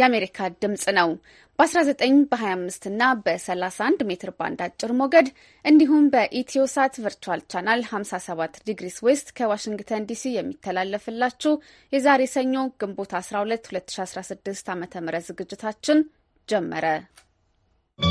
የአሜሪካ ድምፅ ነው። በ19 በ25 እና በ31 ሜትር ባንድ አጭር ሞገድ እንዲሁም በኢትዮሳት ቨርቹዋል ቻናል 57 ዲግሪስ ዌስት ከዋሽንግተን ዲሲ የሚተላለፍላችሁ የዛሬ ሰኞ ግንቦት 12 2016 ዓ ም ዝግጅታችን ጀመረ። ¶¶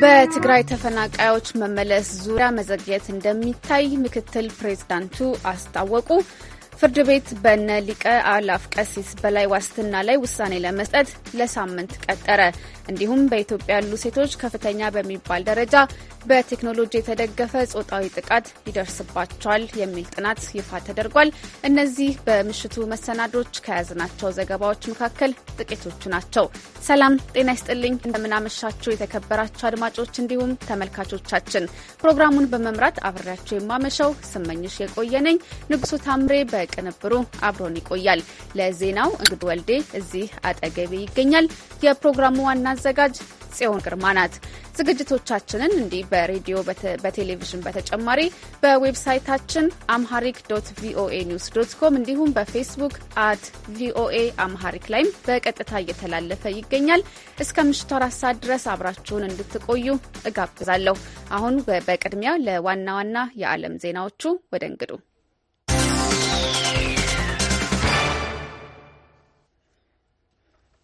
በትግራይ ተፈናቃዮች መመለስ ዙሪያ መዘግየት እንደሚታይ ምክትል ፕሬዝዳንቱ አስታወቁ። ፍርድ ቤት በነ ሊቀ አላፍ ቀሲስ በላይ ዋስትና ላይ ውሳኔ ለመስጠት ለሳምንት ቀጠረ። እንዲሁም በኢትዮጵያ ያሉ ሴቶች ከፍተኛ በሚባል ደረጃ በቴክኖሎጂ የተደገፈ ጾታዊ ጥቃት ይደርስባቸዋል የሚል ጥናት ይፋ ተደርጓል። እነዚህ በምሽቱ መሰናዶች ከያዝናቸው ዘገባዎች መካከል ጥቂቶቹ ናቸው። ሰላም ጤና ይስጥልኝ፣ እንደምናመሻችሁ የተከበራችሁ አድማጮች እንዲሁም ተመልካቾቻችን። ፕሮግራሙን በመምራት አብሬያቸው የማመሸው ስመኝሽ የቆየነኝ ንጉሱ ታምሬ በ ቅንብሩ አብሮን ይቆያል። ለዜናው እንግድ ወልዴ እዚህ አጠገቤ ይገኛል። የፕሮግራሙ ዋና አዘጋጅ ጽዮን ግርማ ናት። ዝግጅቶቻችንን እንዲህ በሬዲዮ በቴሌቪዥን በተጨማሪ በዌብሳይታችን አምሃሪክ ዶት ቪኦኤ ኒውስ ዶት ኮም እንዲሁም በፌስቡክ አት ቪኦኤ አምሃሪክ ላይም በቀጥታ እየተላለፈ ይገኛል። እስከ ምሽቱ አራት ሰዓት ድረስ አብራችሁን እንድትቆዩ እጋብዛለሁ። አሁን በቅድሚያ ለዋና ዋና የዓለም ዜናዎቹ ወደ እንግዱ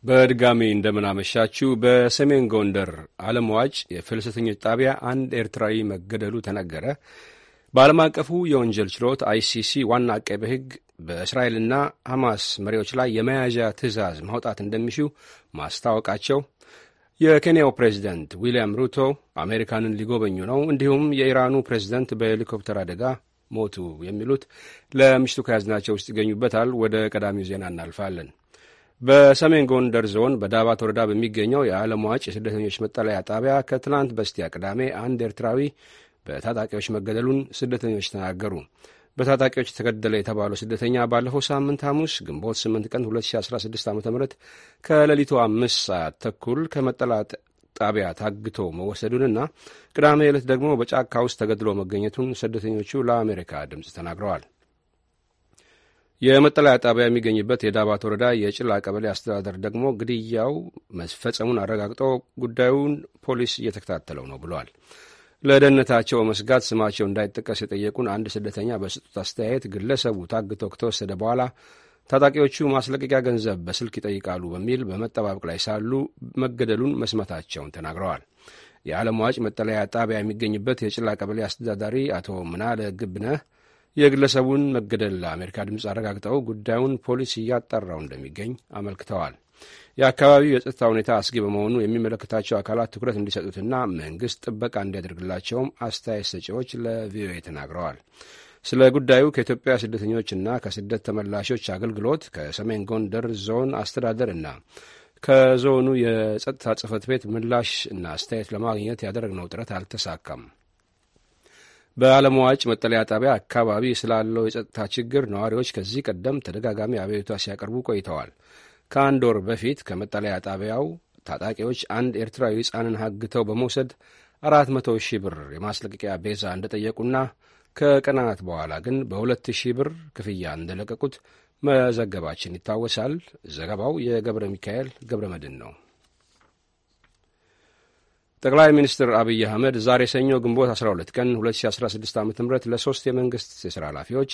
በድጋሚ እንደምናመሻችው በሰሜን ጎንደር ዓለም ዋጭ የፍልሰተኞች ጣቢያ አንድ ኤርትራዊ መገደሉ ተነገረ። በዓለም አቀፉ የወንጀል ችሎት አይሲሲ ዋና አቃቤ ሕግ በእስራኤልና ሐማስ መሪዎች ላይ የመያዣ ትዕዛዝ ማውጣት እንደሚሹ ማስታወቃቸው፣ የኬንያው ፕሬዚደንት ዊልያም ሩቶ አሜሪካንን ሊጎበኙ ነው፣ እንዲሁም የኢራኑ ፕሬዚደንት በሄሊኮፕተር አደጋ ሞቱ የሚሉት ለምሽቱ ከያዝናቸው ውስጥ ይገኙበታል። ወደ ቀዳሚው ዜና እናልፋለን። በሰሜን ጎንደር ዞን በዳባት ወረዳ በሚገኘው የዓለም ዋጭ የስደተኞች መጠለያ ጣቢያ ከትናንት በስቲያ ቅዳሜ አንድ ኤርትራዊ በታጣቂዎች መገደሉን ስደተኞች ተናገሩ። በታጣቂዎች ተገደለ የተባለው ስደተኛ ባለፈው ሳምንት ሐሙስ ግንቦት 8 ቀን 2016 ዓ ም ከሌሊቱ አምስት ሰዓት ተኩል ከመጠለያ ጣቢያ ታግቶ መወሰዱንና ቅዳሜ ዕለት ደግሞ በጫካ ውስጥ ተገድሎ መገኘቱን ስደተኞቹ ለአሜሪካ ድምፅ ተናግረዋል። የመጠለያ ጣቢያ የሚገኝበት የዳባት ወረዳ የጭላ ቀበሌ አስተዳደር ደግሞ ግድያው መፈጸሙን አረጋግጦ ጉዳዩን ፖሊስ እየተከታተለው ነው ብለዋል። ለደህንነታቸው በመስጋት ስማቸው እንዳይጠቀስ የጠየቁን አንድ ስደተኛ በሰጡት አስተያየት ግለሰቡ ታግቶ ከተወሰደ በኋላ ታጣቂዎቹ ማስለቀቂያ ገንዘብ በስልክ ይጠይቃሉ በሚል በመጠባበቅ ላይ ሳሉ መገደሉን መስማታቸውን ተናግረዋል። የዓለም ዋጭ መጠለያ ጣቢያ የሚገኝበት የጭላ ቀበሌ አስተዳዳሪ አቶ ምናለ ግብነህ የግለሰቡን መገደል ለአሜሪካ ድምፅ አረጋግጠው ጉዳዩን ፖሊስ እያጣራው እንደሚገኝ አመልክተዋል። የአካባቢው የጸጥታ ሁኔታ አስጊ በመሆኑ የሚመለከታቸው አካላት ትኩረት እንዲሰጡትና መንግስት ጥበቃ እንዲያደርግላቸውም አስተያየት ሰጪዎች ለቪኦኤ ተናግረዋል። ስለ ጉዳዩ ከኢትዮጵያ ስደተኞችና ከስደት ተመላሾች አገልግሎት ከሰሜን ጎንደር ዞን አስተዳደር እና ከዞኑ የጸጥታ ጽህፈት ቤት ምላሽ እና አስተያየት ለማግኘት ያደረግነው ጥረት አልተሳካም። በዓለም ዋጭ መጠለያ ጣቢያ አካባቢ ስላለው የጸጥታ ችግር ነዋሪዎች ከዚህ ቀደም ተደጋጋሚ አቤቱታ ሲያቀርቡ ቆይተዋል። ከአንድ ወር በፊት ከመጠለያ ጣቢያው ታጣቂዎች አንድ ኤርትራዊ ሕፃንን ሀግተው በመውሰድ አራት መቶ ሺህ ብር የማስለቀቂያ ቤዛ እንደጠየቁና ከቀናት በኋላ ግን በሁለት ሺህ ብር ክፍያ እንደለቀቁት መዘገባችን ይታወሳል። ዘገባው የገብረ ሚካኤል ገብረ መድን ነው። ጠቅላይ ሚኒስትር አብይ አህመድ ዛሬ ሰኞ ግንቦት 12 ቀን 2016 ዓ ም ለሦስት የመንግሥት የሥራ ኃላፊዎች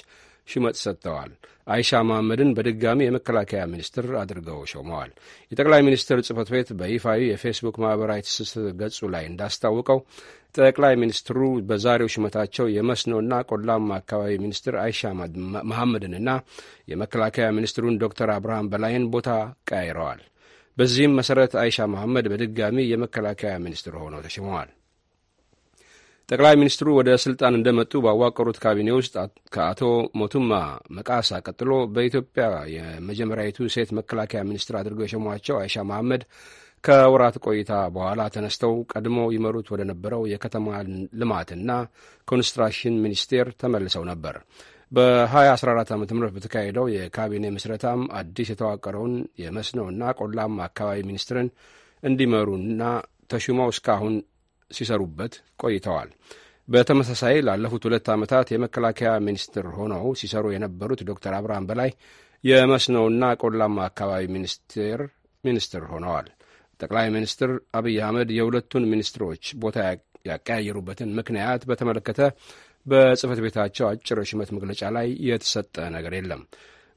ሽመጥ ሰጥተዋል። አይሻ መሐመድን በድጋሚ የመከላከያ ሚኒስትር አድርገው ሾመዋል። የጠቅላይ ሚኒስትር ጽህፈት ቤት በይፋዊ የፌስቡክ ማኅበራዊ ትስስር ገጹ ላይ እንዳስታወቀው ጠቅላይ ሚኒስትሩ በዛሬው ሹመታቸው የመስኖና ቆላማ አካባቢ ሚኒስትር አይሻ መሐመድንና የመከላከያ ሚኒስትሩን ዶክተር አብርሃም በላይን ቦታ ቀያይረዋል። በዚህም መሠረት አይሻ መሐመድ በድጋሚ የመከላከያ ሚኒስትር ሆነው ተሽመዋል። ጠቅላይ ሚኒስትሩ ወደ ስልጣን እንደመጡ ባዋቀሩት ካቢኔ ውስጥ ከአቶ ሞቱማ መቃሳ ቀጥሎ በኢትዮጵያ የመጀመሪያዊቱ ሴት መከላከያ ሚኒስትር አድርገው የሸሟቸው አይሻ መሐመድ ከወራት ቆይታ በኋላ ተነስተው ቀድሞ ይመሩት ወደ ነበረው የከተማ ልማትና ኮንስትራክሽን ሚኒስቴር ተመልሰው ነበር። በ2014 ዓ ም በተካሄደው የካቢኔ ምስረታም አዲስ የተዋቀረውን የመስኖና ቆላማ አካባቢ ሚኒስትርን እንዲመሩና ተሹመው እስካሁን ሲሰሩበት ቆይተዋል። በተመሳሳይ ላለፉት ሁለት ዓመታት የመከላከያ ሚኒስትር ሆነው ሲሰሩ የነበሩት ዶክተር አብርሃም በላይ የመስኖና ቆላማ አካባቢ ሚኒስቴር ሚኒስትር ሆነዋል። ጠቅላይ ሚኒስትር አብይ አህመድ የሁለቱን ሚኒስትሮች ቦታ ያቀያየሩበትን ምክንያት በተመለከተ በጽህፈት ቤታቸው አጭር ሽመት መግለጫ ላይ የተሰጠ ነገር የለም።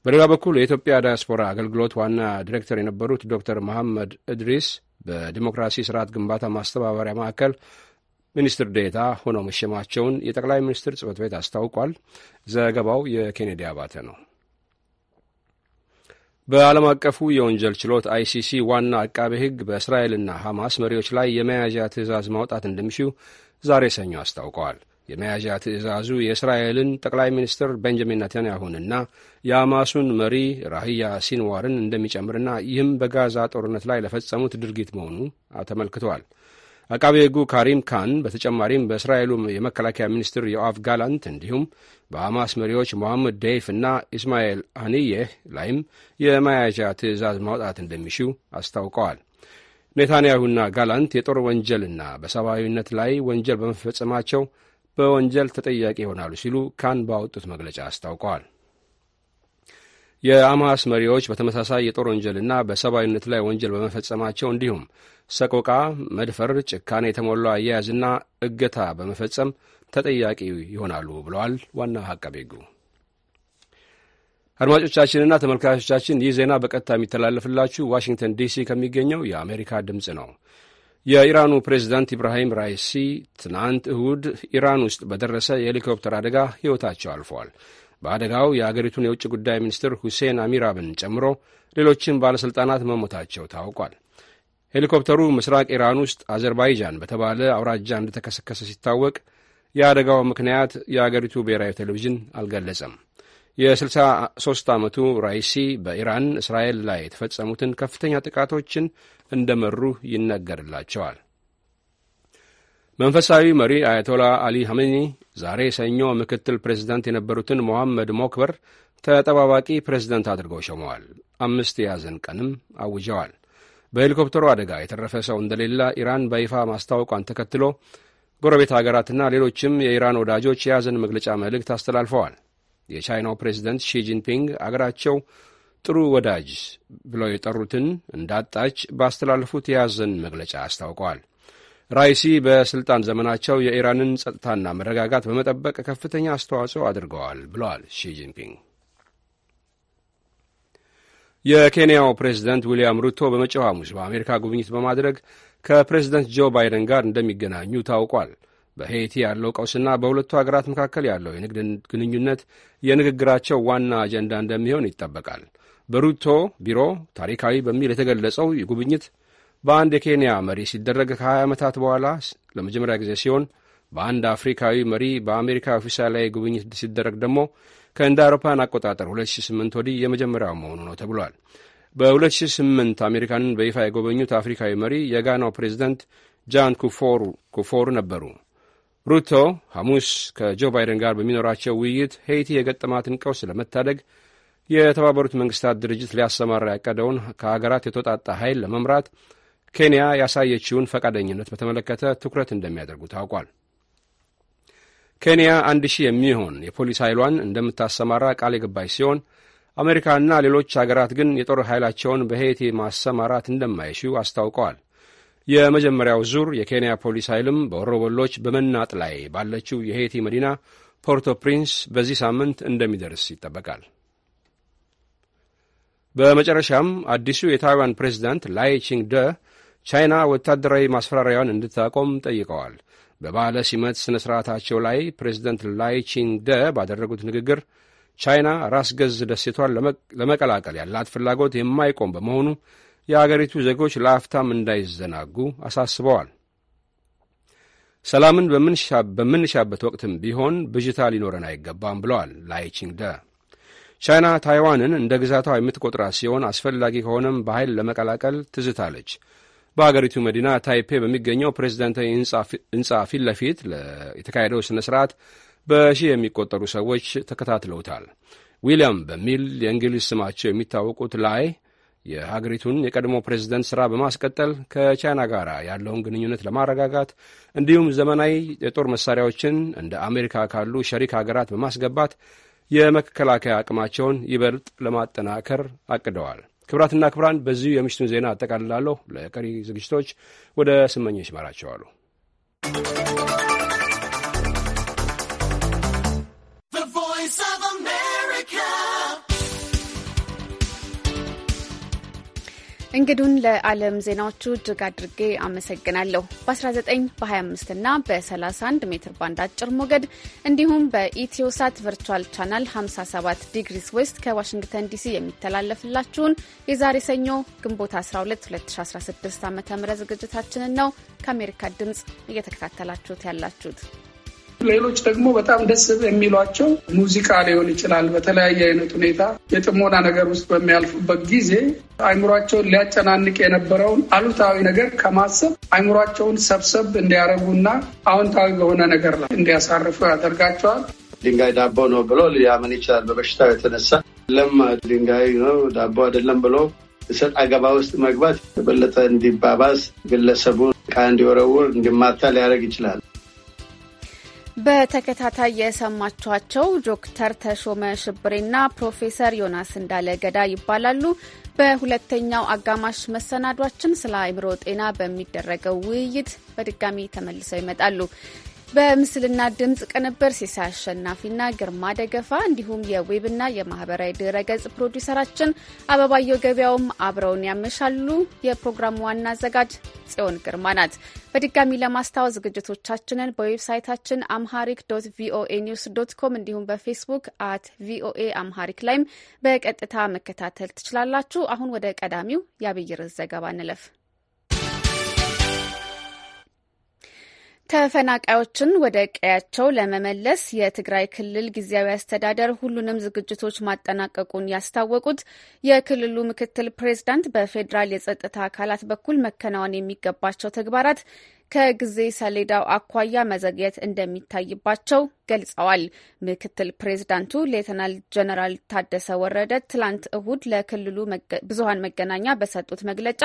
በሌላ በኩል የኢትዮጵያ ዳያስፖራ አገልግሎት ዋና ዲሬክተር የነበሩት ዶክተር መሐመድ እድሪስ በዲሞክራሲ ስርዓት ግንባታ ማስተባበሪያ ማዕከል ሚኒስትር ዴታ ሆነው መሸማቸውን የጠቅላይ ሚኒስትር ጽህፈት ቤት አስታውቋል። ዘገባው የኬኔዲ አባተ ነው። በዓለም አቀፉ የወንጀል ችሎት አይሲሲ ዋና አቃቤ ሕግ በእስራኤልና ሐማስ መሪዎች ላይ የመያዣ ትዕዛዝ ማውጣት እንደሚሽው ዛሬ ሰኞ አስታውቀዋል። የመያዣ ትእዛዙ የእስራኤልን ጠቅላይ ሚኒስትር ቤንጃሚን ኔታንያሁንና የአማሱን መሪ ራህያ ሲንዋርን እንደሚጨምርና ይህም በጋዛ ጦርነት ላይ ለፈጸሙት ድርጊት መሆኑ ተመልክተዋል። አቃቤ ሕጉ ካሪም ካን በተጨማሪም በእስራኤሉ የመከላከያ ሚኒስትር ዮአፍ ጋላንት እንዲሁም በሐማስ መሪዎች ሞሐመድ ደይፍ እና ኢስማኤል አንየህ ላይም የመያዣ ትእዛዝ ማውጣት እንደሚሽው አስታውቀዋል። ኔታንያሁና ጋላንት የጦር ወንጀልና በሰብአዊነት ላይ ወንጀል በመፈጸማቸው በወንጀል ተጠያቂ ይሆናሉ ሲሉ ካን ባወጡት መግለጫ አስታውቀዋል። የአማስ መሪዎች በተመሳሳይ የጦር ወንጀልና በሰብአዊነት ላይ ወንጀል በመፈጸማቸው እንዲሁም ሰቆቃ፣ መድፈር፣ ጭካኔ የተሞላው አያያዝና እገታ በመፈጸም ተጠያቂ ይሆናሉ ብለዋል ዋና አቃቤ ሕጉ። አድማጮቻችንና ተመልካቾቻችን ይህ ዜና በቀጥታ የሚተላለፍላችሁ ዋሽንግተን ዲሲ ከሚገኘው የአሜሪካ ድምፅ ነው። የኢራኑ ፕሬዝዳንት ኢብራሂም ራይሲ ትናንት እሁድ ኢራን ውስጥ በደረሰ የሄሊኮፕተር አደጋ ሕይወታቸው አልፈዋል። በአደጋው የአገሪቱን የውጭ ጉዳይ ሚኒስትር ሁሴን አሚራብን ጨምሮ ሌሎችም ባለሥልጣናት መሞታቸው ታውቋል። ሄሊኮፕተሩ ምስራቅ ኢራን ውስጥ አዘርባይጃን በተባለ አውራጃ እንደተከሰከሰ ሲታወቅ የአደጋው ምክንያት የአገሪቱ ብሔራዊ ቴሌቪዥን አልገለጸም። የ63 ዓመቱ ራይሲ በኢራን እስራኤል ላይ የተፈጸሙትን ከፍተኛ ጥቃቶችን እንደመሩ ይነገርላቸዋል። መንፈሳዊ መሪ አያቶላ አሊ ሐመኒ ዛሬ ሰኞ ምክትል ፕሬዝደንት የነበሩትን ሞሐመድ ሞክበር ተጠባባቂ ፕሬዝደንት አድርገው ሾመዋል። አምስት የያዘን ቀንም አውጀዋል። በሄሊኮፕተሩ አደጋ የተረፈ ሰው እንደሌለ ኢራን በይፋ ማስታወቋን ተከትሎ ጎረቤት አገራትና ሌሎችም የኢራን ወዳጆች የያዘን መግለጫ መልእክት አስተላልፈዋል። የቻይናው ፕሬዚደንት ሺጂንፒንግ አገራቸው ጥሩ ወዳጅ ብለው የጠሩትን እንዳጣች ባስተላለፉት የያዘን መግለጫ አስታውቀዋል። ራይሲ በስልጣን ዘመናቸው የኢራንን ጸጥታና መረጋጋት በመጠበቅ ከፍተኛ አስተዋጽኦ አድርገዋል ብለዋል ሺጂንፒንግ። የኬንያው ፕሬዚደንት ዊልያም ሩቶ በመጪው ሐሙስ በአሜሪካ ጉብኝት በማድረግ ከፕሬዚደንት ጆ ባይደን ጋር እንደሚገናኙ ታውቋል። በሄይቲ ያለው ቀውስና በሁለቱ ሀገራት መካከል ያለው የንግድ ግንኙነት የንግግራቸው ዋና አጀንዳ እንደሚሆን ይጠበቃል። በሩቶ ቢሮ ታሪካዊ በሚል የተገለጸው ጉብኝት በአንድ የኬንያ መሪ ሲደረግ ከ20 ዓመታት በኋላ ለመጀመሪያ ጊዜ ሲሆን በአንድ አፍሪካዊ መሪ በአሜሪካ ኦፊሳላዊ ጉብኝት ሲደረግ ደግሞ ከእንደ አውሮፓን አቆጣጠር 2008 ወዲህ የመጀመሪያው መሆኑ ነው ተብሏል። በ2008 አሜሪካንን በይፋ የጎበኙት አፍሪካዊ መሪ የጋናው ፕሬዚደንት ጃን ኩፎሩ ኩፎሩ ነበሩ። ሩቶ ሐሙስ ከጆ ባይደን ጋር በሚኖራቸው ውይይት ሄይቲ የገጠማትን ቀውስ ለመታደግ የተባበሩት መንግስታት ድርጅት ሊያሰማራ ያቀደውን ከሀገራት የተውጣጣ ኃይል ለመምራት ኬንያ ያሳየችውን ፈቃደኝነት በተመለከተ ትኩረት እንደሚያደርጉ ታውቋል። ኬንያ አንድ ሺህ የሚሆን የፖሊስ ኃይሏን እንደምታሰማራ ቃል የገባች ሲሆን አሜሪካና ሌሎች ሀገራት ግን የጦር ኃይላቸውን በሄይቲ ማሰማራት እንደማይሹ አስታውቀዋል። የመጀመሪያው ዙር የኬንያ ፖሊስ ኃይልም በወሮበሎች በመናጥ ላይ ባለችው የሄቲ መዲና ፖርቶ ፕሪንስ በዚህ ሳምንት እንደሚደርስ ይጠበቃል። በመጨረሻም አዲሱ የታይዋን ፕሬዚዳንት ላይ ቺንግ ደ ቻይና ወታደራዊ ማስፈራሪያዋን እንድታቆም ጠይቀዋል። በባለ ሲመት ሥነ ሥርዓታቸው ላይ ፕሬዚደንት ላይ ቺንግ ደ ባደረጉት ንግግር ቻይና ራስ ገዝ ደሴቷን ለመቀላቀል ያላት ፍላጎት የማይቆም በመሆኑ የአገሪቱ ዜጎች ለአፍታም እንዳይዘናጉ አሳስበዋል። ሰላምን በምንሻበት ወቅትም ቢሆን ብዥታ ሊኖረን አይገባም ብለዋል ደ ቻይና ታይዋንን እንደ ግዛቷ የምትቆጥራት ሲሆን አስፈላጊ ከሆነም በኃይል ለመቀላቀል ትዝታለች። በአገሪቱ መዲና ታይፔ በሚገኘው ፕሬዚዳንታዊ ሕንፃ ፊት ለፊት የተካሄደው ሥነ ሥርዓት በሺህ የሚቆጠሩ ሰዎች ተከታትለውታል። ዊልያም በሚል የእንግሊዝ ስማቸው የሚታወቁት ላይ የሀገሪቱን የቀድሞ ፕሬዝደንት ሥራ በማስቀጠል ከቻይና ጋር ያለውን ግንኙነት ለማረጋጋት እንዲሁም ዘመናዊ የጦር መሳሪያዎችን እንደ አሜሪካ ካሉ ሸሪክ ሀገራት በማስገባት የመከላከያ አቅማቸውን ይበልጥ ለማጠናከር አቅደዋል። ክብራትና ክብራን በዚሁ የምሽቱን ዜና አጠቃልላለሁ። ለቀሪ ዝግጅቶች ወደ ስመኞች ይመራቸዋሉ። እንግዱን ለዓለም ዜናዎቹ እጅግ አድርጌ አመሰግናለሁ። በ19 በ25 እና በ31 ሜትር ባንድ አጭር ሞገድ እንዲሁም በኢትዮሳት ቨርቹዋል ቻናል 57 ዲግሪስ ዌስት ከዋሽንግተን ዲሲ የሚተላለፍላችሁን የዛሬ ሰኞ ግንቦት 12 2016 ዓ ም ዝግጅታችንን ነው ከአሜሪካ ድምፅ እየተከታተላችሁት ያላችሁት። ሌሎች ደግሞ በጣም ደስ የሚሏቸው ሙዚቃ ሊሆን ይችላል። በተለያየ አይነት ሁኔታ የጥሞና ነገር ውስጥ በሚያልፉበት ጊዜ አይምሯቸውን ሊያጨናንቅ የነበረውን አሉታዊ ነገር ከማሰብ አይምሯቸውን ሰብሰብ እንዲያደርጉና አዎንታዊ በሆነ ነገር ላይ እንዲያሳርፉ ያደርጋቸዋል። ድንጋይ ዳቦ ነው ብሎ ሊያምን ይችላል። በበሽታው የተነሳ ለም ድንጋይ ነው ዳቦ አይደለም ብሎ እሰጥ አገባ ውስጥ መግባት የበለጠ እንዲባባስ ግለሰቡ ከአንድ ወረውር እንዲማታ ሊያደርግ ይችላል። በተከታታይ የሰማችኋቸው ዶክተር ተሾመ ሽብሬና ፕሮፌሰር ዮናስ እንዳለ ገዳ ይባላሉ። በሁለተኛው አጋማሽ መሰናዷችን ስለ አእምሮ ጤና በሚደረገው ውይይት በድጋሚ ተመልሰው ይመጣሉ። በምስልና ድምፅ ቅንብር ሲሳ አሸናፊና ግርማ ደገፋ እንዲሁም የዌብና የማህበራዊ ድረ ገጽ ፕሮዲውሰራችን አበባየው ገበያውም አብረውን ያመሻሉ። የፕሮግራሙ ዋና አዘጋጅ ጽዮን ግርማ ናት። በድጋሚ ለማስታወስ ዝግጅቶቻችንን በዌብሳይታችን አምሃሪክ ዶት ቪኦኤ ኒውስ ዶት ኮም እንዲሁም በፌስቡክ አት ቪኦኤ አምሃሪክ ላይም በቀጥታ መከታተል ትችላላችሁ። አሁን ወደ ቀዳሚው የአብይርስ ዘገባ እንለፍ። ተፈናቃዮችን ወደ ቀያቸው ለመመለስ የትግራይ ክልል ጊዜያዊ አስተዳደር ሁሉንም ዝግጅቶች ማጠናቀቁን ያስታወቁት የክልሉ ምክትል ፕሬዝዳንት በፌዴራል የጸጥታ አካላት በኩል መከናወን የሚገባቸው ተግባራት ከጊዜ ሰሌዳው አኳያ መዘግየት እንደሚታይባቸው ገልጸዋል። ምክትል ፕሬዚዳንቱ ሌተናል ጀነራል ታደሰ ወረደ ትላንት እሁድ ለክልሉ ብዙሀን መገናኛ በሰጡት መግለጫ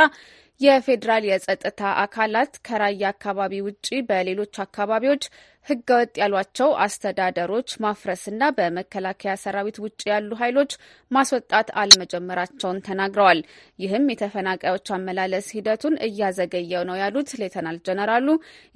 የፌዴራል የጸጥታ አካላት ከራያ አካባቢ ውጪ በሌሎች አካባቢዎች ህገወጥ ያሏቸው አስተዳደሮች ማፍረስና በመከላከያ ሰራዊት ውጭ ያሉ ኃይሎች ማስወጣት አለመጀመራቸውን ተናግረዋል። ይህም የተፈናቃዮች አመላለስ ሂደቱን እያዘገየው ነው ያሉት ሌተናል ጀነራሉ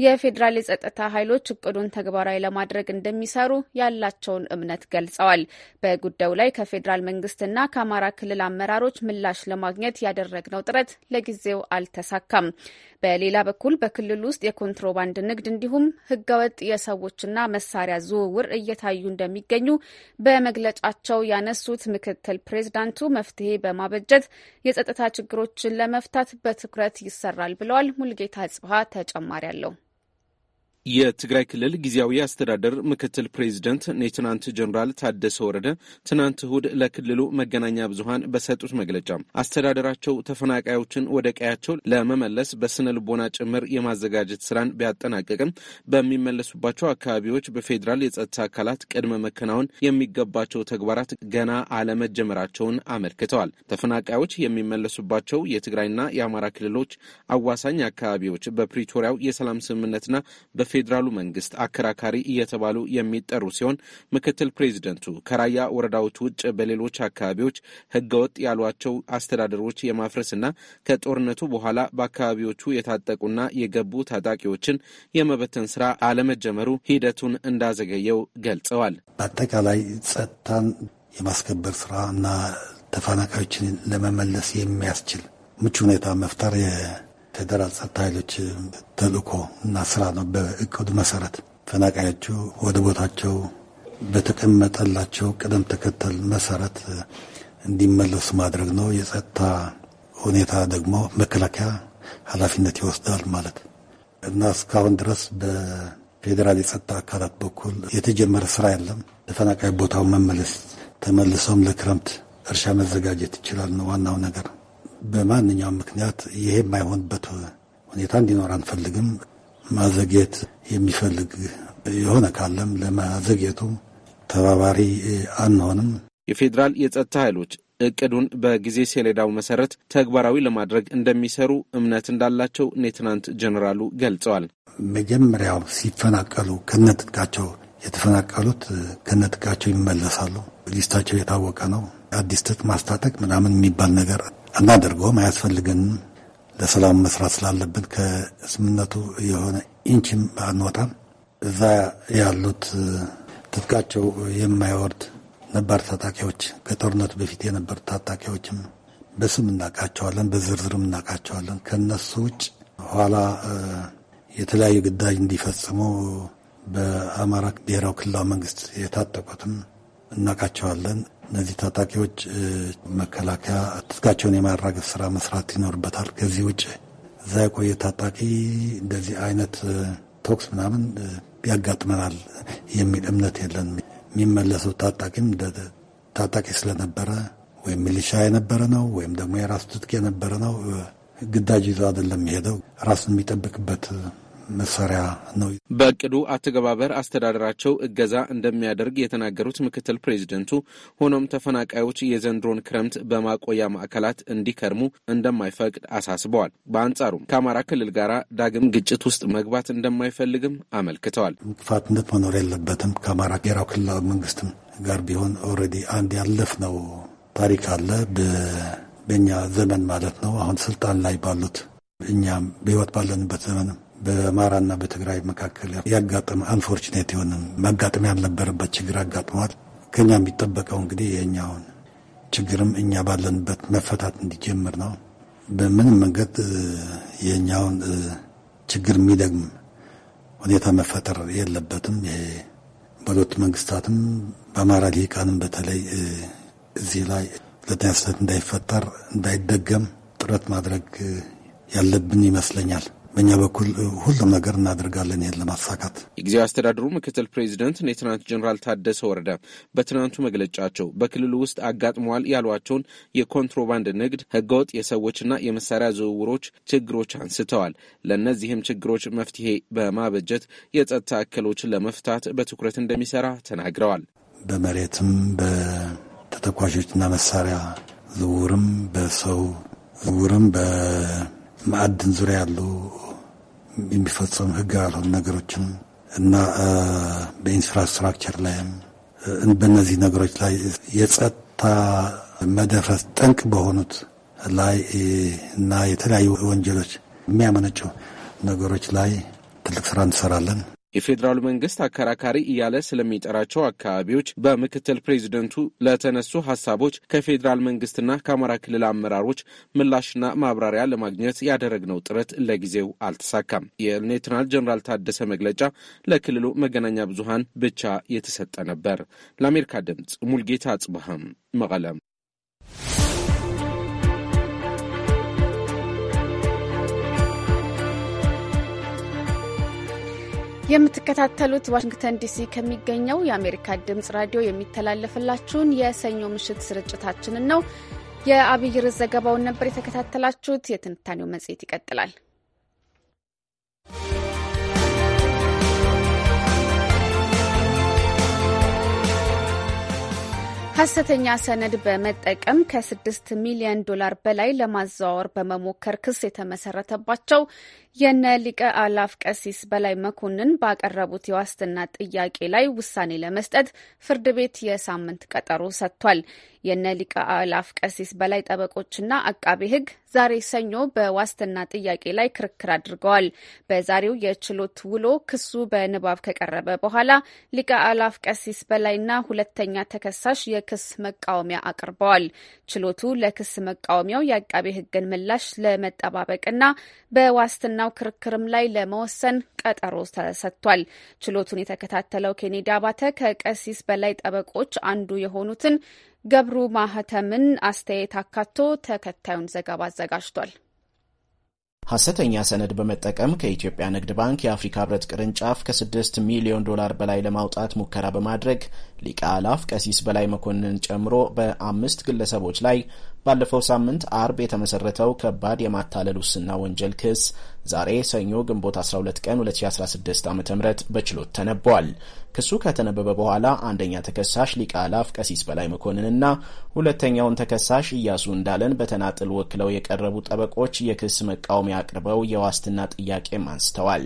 የፌዴራል የጸጥታ ኃይሎች እቅዱን ተግባራዊ ለማድረግ እንደሚሰሩ ያላቸውን እምነት ገልጸዋል። በጉዳዩ ላይ ከፌዴራል መንግስትና ከአማራ ክልል አመራሮች ምላሽ ለማግኘት ያደረግነው ጥረት ለጊዜው አልተሳካም። በሌላ በኩል በክልል ውስጥ የኮንትሮባንድ ንግድ እንዲሁም ህገወጥ የሰዎችና መሳሪያ ዝውውር እየታዩ እንደሚገኙ በመግለጫቸው ያነሱት ምክትል ፕሬዚዳንቱ መፍትሄ በማበጀት የጸጥታ ችግሮችን ለመፍታት በትኩረት ይሰራል ብለዋል። ሙልጌታ ጽብሃ ተጨማሪ አለው። የትግራይ ክልል ጊዜያዊ አስተዳደር ምክትል ፕሬዚደንት ሌትናንት ጀኔራል ታደሰ ወረደ ትናንት እሁድ ለክልሉ መገናኛ ብዙሃን በሰጡት መግለጫ አስተዳደራቸው ተፈናቃዮችን ወደ ቀያቸው ለመመለስ በስነ ልቦና ጭምር የማዘጋጀት ስራን ቢያጠናቅቅም በሚመለሱባቸው አካባቢዎች በፌዴራል የጸጥታ አካላት ቅድመ መከናወን የሚገባቸው ተግባራት ገና አለመጀመራቸውን አመልክተዋል። ተፈናቃዮች የሚመለሱባቸው የትግራይና የአማራ ክልሎች አዋሳኝ አካባቢዎች በፕሪቶሪያው የሰላም ስምምነትና በፌ የፌዴራሉ መንግስት አከራካሪ እየተባሉ የሚጠሩ ሲሆን ምክትል ፕሬዚደንቱ ከራያ ወረዳዎች ውጭ በሌሎች አካባቢዎች ህገወጥ ያሏቸው አስተዳደሮች የማፍረስና ከጦርነቱ በኋላ በአካባቢዎቹ የታጠቁና የገቡ ታጣቂዎችን የመበተን ስራ አለመጀመሩ ሂደቱን እንዳዘገየው ገልጸዋል። በአጠቃላይ ጸጥታን የማስከበር ስራ እና ተፈናቃዮችን ለመመለስ የሚያስችል ምቹ ሁኔታ መፍጠር ፌደራል ጸጥታ ኃይሎች ተልእኮ እና ስራ ነው። በእቅዱ መሰረት ፈናቃዮቹ ወደ ቦታቸው በተቀመጠላቸው ቅደም ተከተል መሰረት እንዲመለሱ ማድረግ ነው። የጸጥታ ሁኔታ ደግሞ መከላከያ ኃላፊነት ይወስዳል ማለት እና እስካሁን ድረስ በፌዴራል የጸጥታ አካላት በኩል የተጀመረ ስራ የለም። ተፈናቃይ ቦታው መመለስ ተመልሰውም ለክረምት እርሻ መዘጋጀት ይችላል ነው ዋናው ነገር። በማንኛውም ምክንያት ይሄ የማይሆንበት ሁኔታ እንዲኖር አንፈልግም። ማዘግየት የሚፈልግ የሆነ ካለም ለማዘግየቱ ተባባሪ አንሆንም። የፌዴራል የጸጥታ ኃይሎች እቅዱን በጊዜ ሰሌዳው መሰረት ተግባራዊ ለማድረግ እንደሚሰሩ እምነት እንዳላቸው ኔትናንት ጀኔራሉ ገልጸዋል። መጀመሪያው ሲፈናቀሉ ከነትጥቃቸው የተፈናቀሉት ከነትጥቃቸው ይመለሳሉ። ሊስታቸው የታወቀ ነው። አዲስ ትጥቅ ማስታጠቅ ምናምን የሚባል ነገር እናድርገው አያስፈልገንም። ለሰላም መስራት ስላለብን ከስምነቱ የሆነ ኢንችም አንወጣም። እዛ ያሉት ትጥቃቸው የማይወርድ ነባር ታጣቂዎች ከጦርነቱ በፊት የነበሩ ታጣቂዎችም በስም እናውቃቸዋለን፣ በዝርዝርም እናውቃቸዋለን። ከነሱ ውጭ ኋላ የተለያዩ ግዳጅ እንዲፈጽሙ በአማራ ብሔራዊ ክልላዊ መንግስት የታጠቁትም እናውቃቸዋለን። እነዚህ ታጣቂዎች መከላከያ ትጥቃቸውን የማራገፍ ስራ መስራት ይኖርበታል። ከዚህ ውጭ እዛ የቆየ ታጣቂ እንደዚህ አይነት ቶክስ ምናምን ያጋጥመናል የሚል እምነት የለን። የሚመለሰው ታጣቂም ታጣቂ ስለነበረ ወይም ሚሊሻ የነበረ ነው ወይም ደግሞ የራሱ ትጥቅ የነበረ ነው። ግዳጅ ይዞ አይደለም የሄደው ራሱን የሚጠብቅበት መሳሪያ ነው። በእቅዱ አተገባበር አስተዳደራቸው እገዛ እንደሚያደርግ የተናገሩት ምክትል ፕሬዚደንቱ፣ ሆኖም ተፈናቃዮች የዘንድሮን ክረምት በማቆያ ማዕከላት እንዲከርሙ እንደማይፈቅድ አሳስበዋል። በአንጻሩም ከአማራ ክልል ጋር ዳግም ግጭት ውስጥ መግባት እንደማይፈልግም አመልክተዋል። እንቅፋትነት መኖር የለበትም። ከአማራ ብሔራዊ ክልላዊ መንግስትም ጋር ቢሆን ኦልሬዲ አንድ ነው ታሪክ አለ በእኛ ዘመን ማለት ነው። አሁን ስልጣን ላይ ባሉት እኛም በህይወት ባለንበት ዘመንም በአማራና በትግራይ መካከል ያጋጠመ አንፎርችኔት የሆነ መጋጠም ያልነበረበት ችግር አጋጥሟል። ከኛ የሚጠበቀው እንግዲህ የእኛውን ችግርም እኛ ባለንበት መፈታት እንዲጀምር ነው። በምንም መንገድ የእኛውን ችግር የሚደግም ሁኔታ መፈጠር የለበትም። ይሄ በሁለቱ መንግስታትም በአማራ ሊቃንም በተለይ እዚህ ላይ ሁለተኛ ስህተት እንዳይፈጠር እንዳይደገም ጥረት ማድረግ ያለብን ይመስለኛል። በእኛ በኩል ሁሉም ነገር እናደርጋለን ይህን ለማሳካት። የጊዜያዊ አስተዳደሩ ምክትል ፕሬዚደንት ሌተናንት ጀኔራል ታደሰ ወረደ በትናንቱ መግለጫቸው በክልሉ ውስጥ አጋጥመዋል ያሏቸውን የኮንትሮባንድ ንግድ፣ ህገወጥ የሰዎችና የመሳሪያ ዝውውሮች ችግሮች አንስተዋል። ለእነዚህም ችግሮች መፍትሄ በማበጀት የጸጥታ እክሎችን ለመፍታት በትኩረት እንደሚሰራ ተናግረዋል። በመሬትም በተተኳሾችና መሳሪያ ዝውውርም በሰው ዝውውርም ማዕድን ዙሪያ ያሉ የሚፈጸሙ ህግ ያልሆኑ ነገሮችም እና በኢንፍራስትራክቸር ላይም በእነዚህ ነገሮች ላይ የጸጥታ መደፍረስ ጠንቅ በሆኑት ላይ እና የተለያዩ ወንጀሎች የሚያመነጩ ነገሮች ላይ ትልቅ ስራ እንሰራለን። የፌዴራሉ መንግስት አከራካሪ እያለ ስለሚጠራቸው አካባቢዎች በምክትል ፕሬዚደንቱ ለተነሱ ሀሳቦች ከፌዴራል መንግስትና ከአማራ ክልል አመራሮች ምላሽና ማብራሪያ ለማግኘት ያደረግነው ጥረት ለጊዜው አልተሳካም። የሌተናል ጀኔራል ታደሰ መግለጫ ለክልሉ መገናኛ ብዙሃን ብቻ የተሰጠ ነበር። ለአሜሪካ ድምፅ ሙልጌታ አጽብሃም መቀለም የምትከታተሉት ዋሽንግተን ዲሲ ከሚገኘው የአሜሪካ ድምፅ ራዲዮ የሚተላለፍላችሁን የሰኞ ምሽት ስርጭታችንን ነው። የአብይር ዘገባውን ነበር የተከታተላችሁት። የትንታኔው መጽሔት ይቀጥላል። ሐሰተኛ ሰነድ በመጠቀም ከስድስት ሚሊዮን ዶላር በላይ ለማዘዋወር በመሞከር ክስ የተመሰረተባቸው የነ ሊቀ አላፍ ቀሲስ በላይ መኮንን ባቀረቡት የዋስትና ጥያቄ ላይ ውሳኔ ለመስጠት ፍርድ ቤት የሳምንት ቀጠሮ ሰጥቷል። የነ ሊቀ አእላፍ ቀሲስ በላይ ጠበቆችና አቃቤ ሕግ ዛሬ ሰኞ በዋስትና ጥያቄ ላይ ክርክር አድርገዋል። በዛሬው የችሎት ውሎ ክሱ በንባብ ከቀረበ በኋላ ሊቀ አእላፍ ቀሲስ በላይና ሁለተኛ ተከሳሽ የክስ መቃወሚያ አቅርበዋል። ችሎቱ ለክስ መቃወሚያው የአቃቤ ሕግን ምላሽ ለመጠባበቅና በዋስትናው ክርክርም ላይ ለመወሰን ቀጠሮ ተሰጥቷል። ችሎቱን የተከታተለው ኬኔዲ አባተ ከቀሲስ በላይ ጠበቆች አንዱ የሆኑትን ገብሩ ማህተምን አስተያየት አካቶ ተከታዩን ዘገባ አዘጋጅቷል። ሐሰተኛ ሰነድ በመጠቀም ከኢትዮጵያ ንግድ ባንክ የአፍሪካ ህብረት ቅርንጫፍ ከስድስት ሚሊዮን ዶላር በላይ ለማውጣት ሙከራ በማድረግ ሊቀ አላፍ ቀሲስ በላይ መኮንን ጨምሮ በአምስት ግለሰቦች ላይ ባለፈው ሳምንት አርብ የተመሰረተው ከባድ የማታለል ውስና ወንጀል ክስ ዛሬ ሰኞ ግንቦት 12 ቀን 2016 ዓ ም በችሎት ተነቧል። ክሱ ከተነበበ በኋላ አንደኛ ተከሳሽ ሊቀ አላፍ ቀሲስ በላይ መኮንንና ሁለተኛውን ተከሳሽ እያሱ እንዳለን በተናጥል ወክለው የቀረቡ ጠበቆች የክስ መቃወሚያ አቅርበው የዋስትና ጥያቄም አንስተዋል።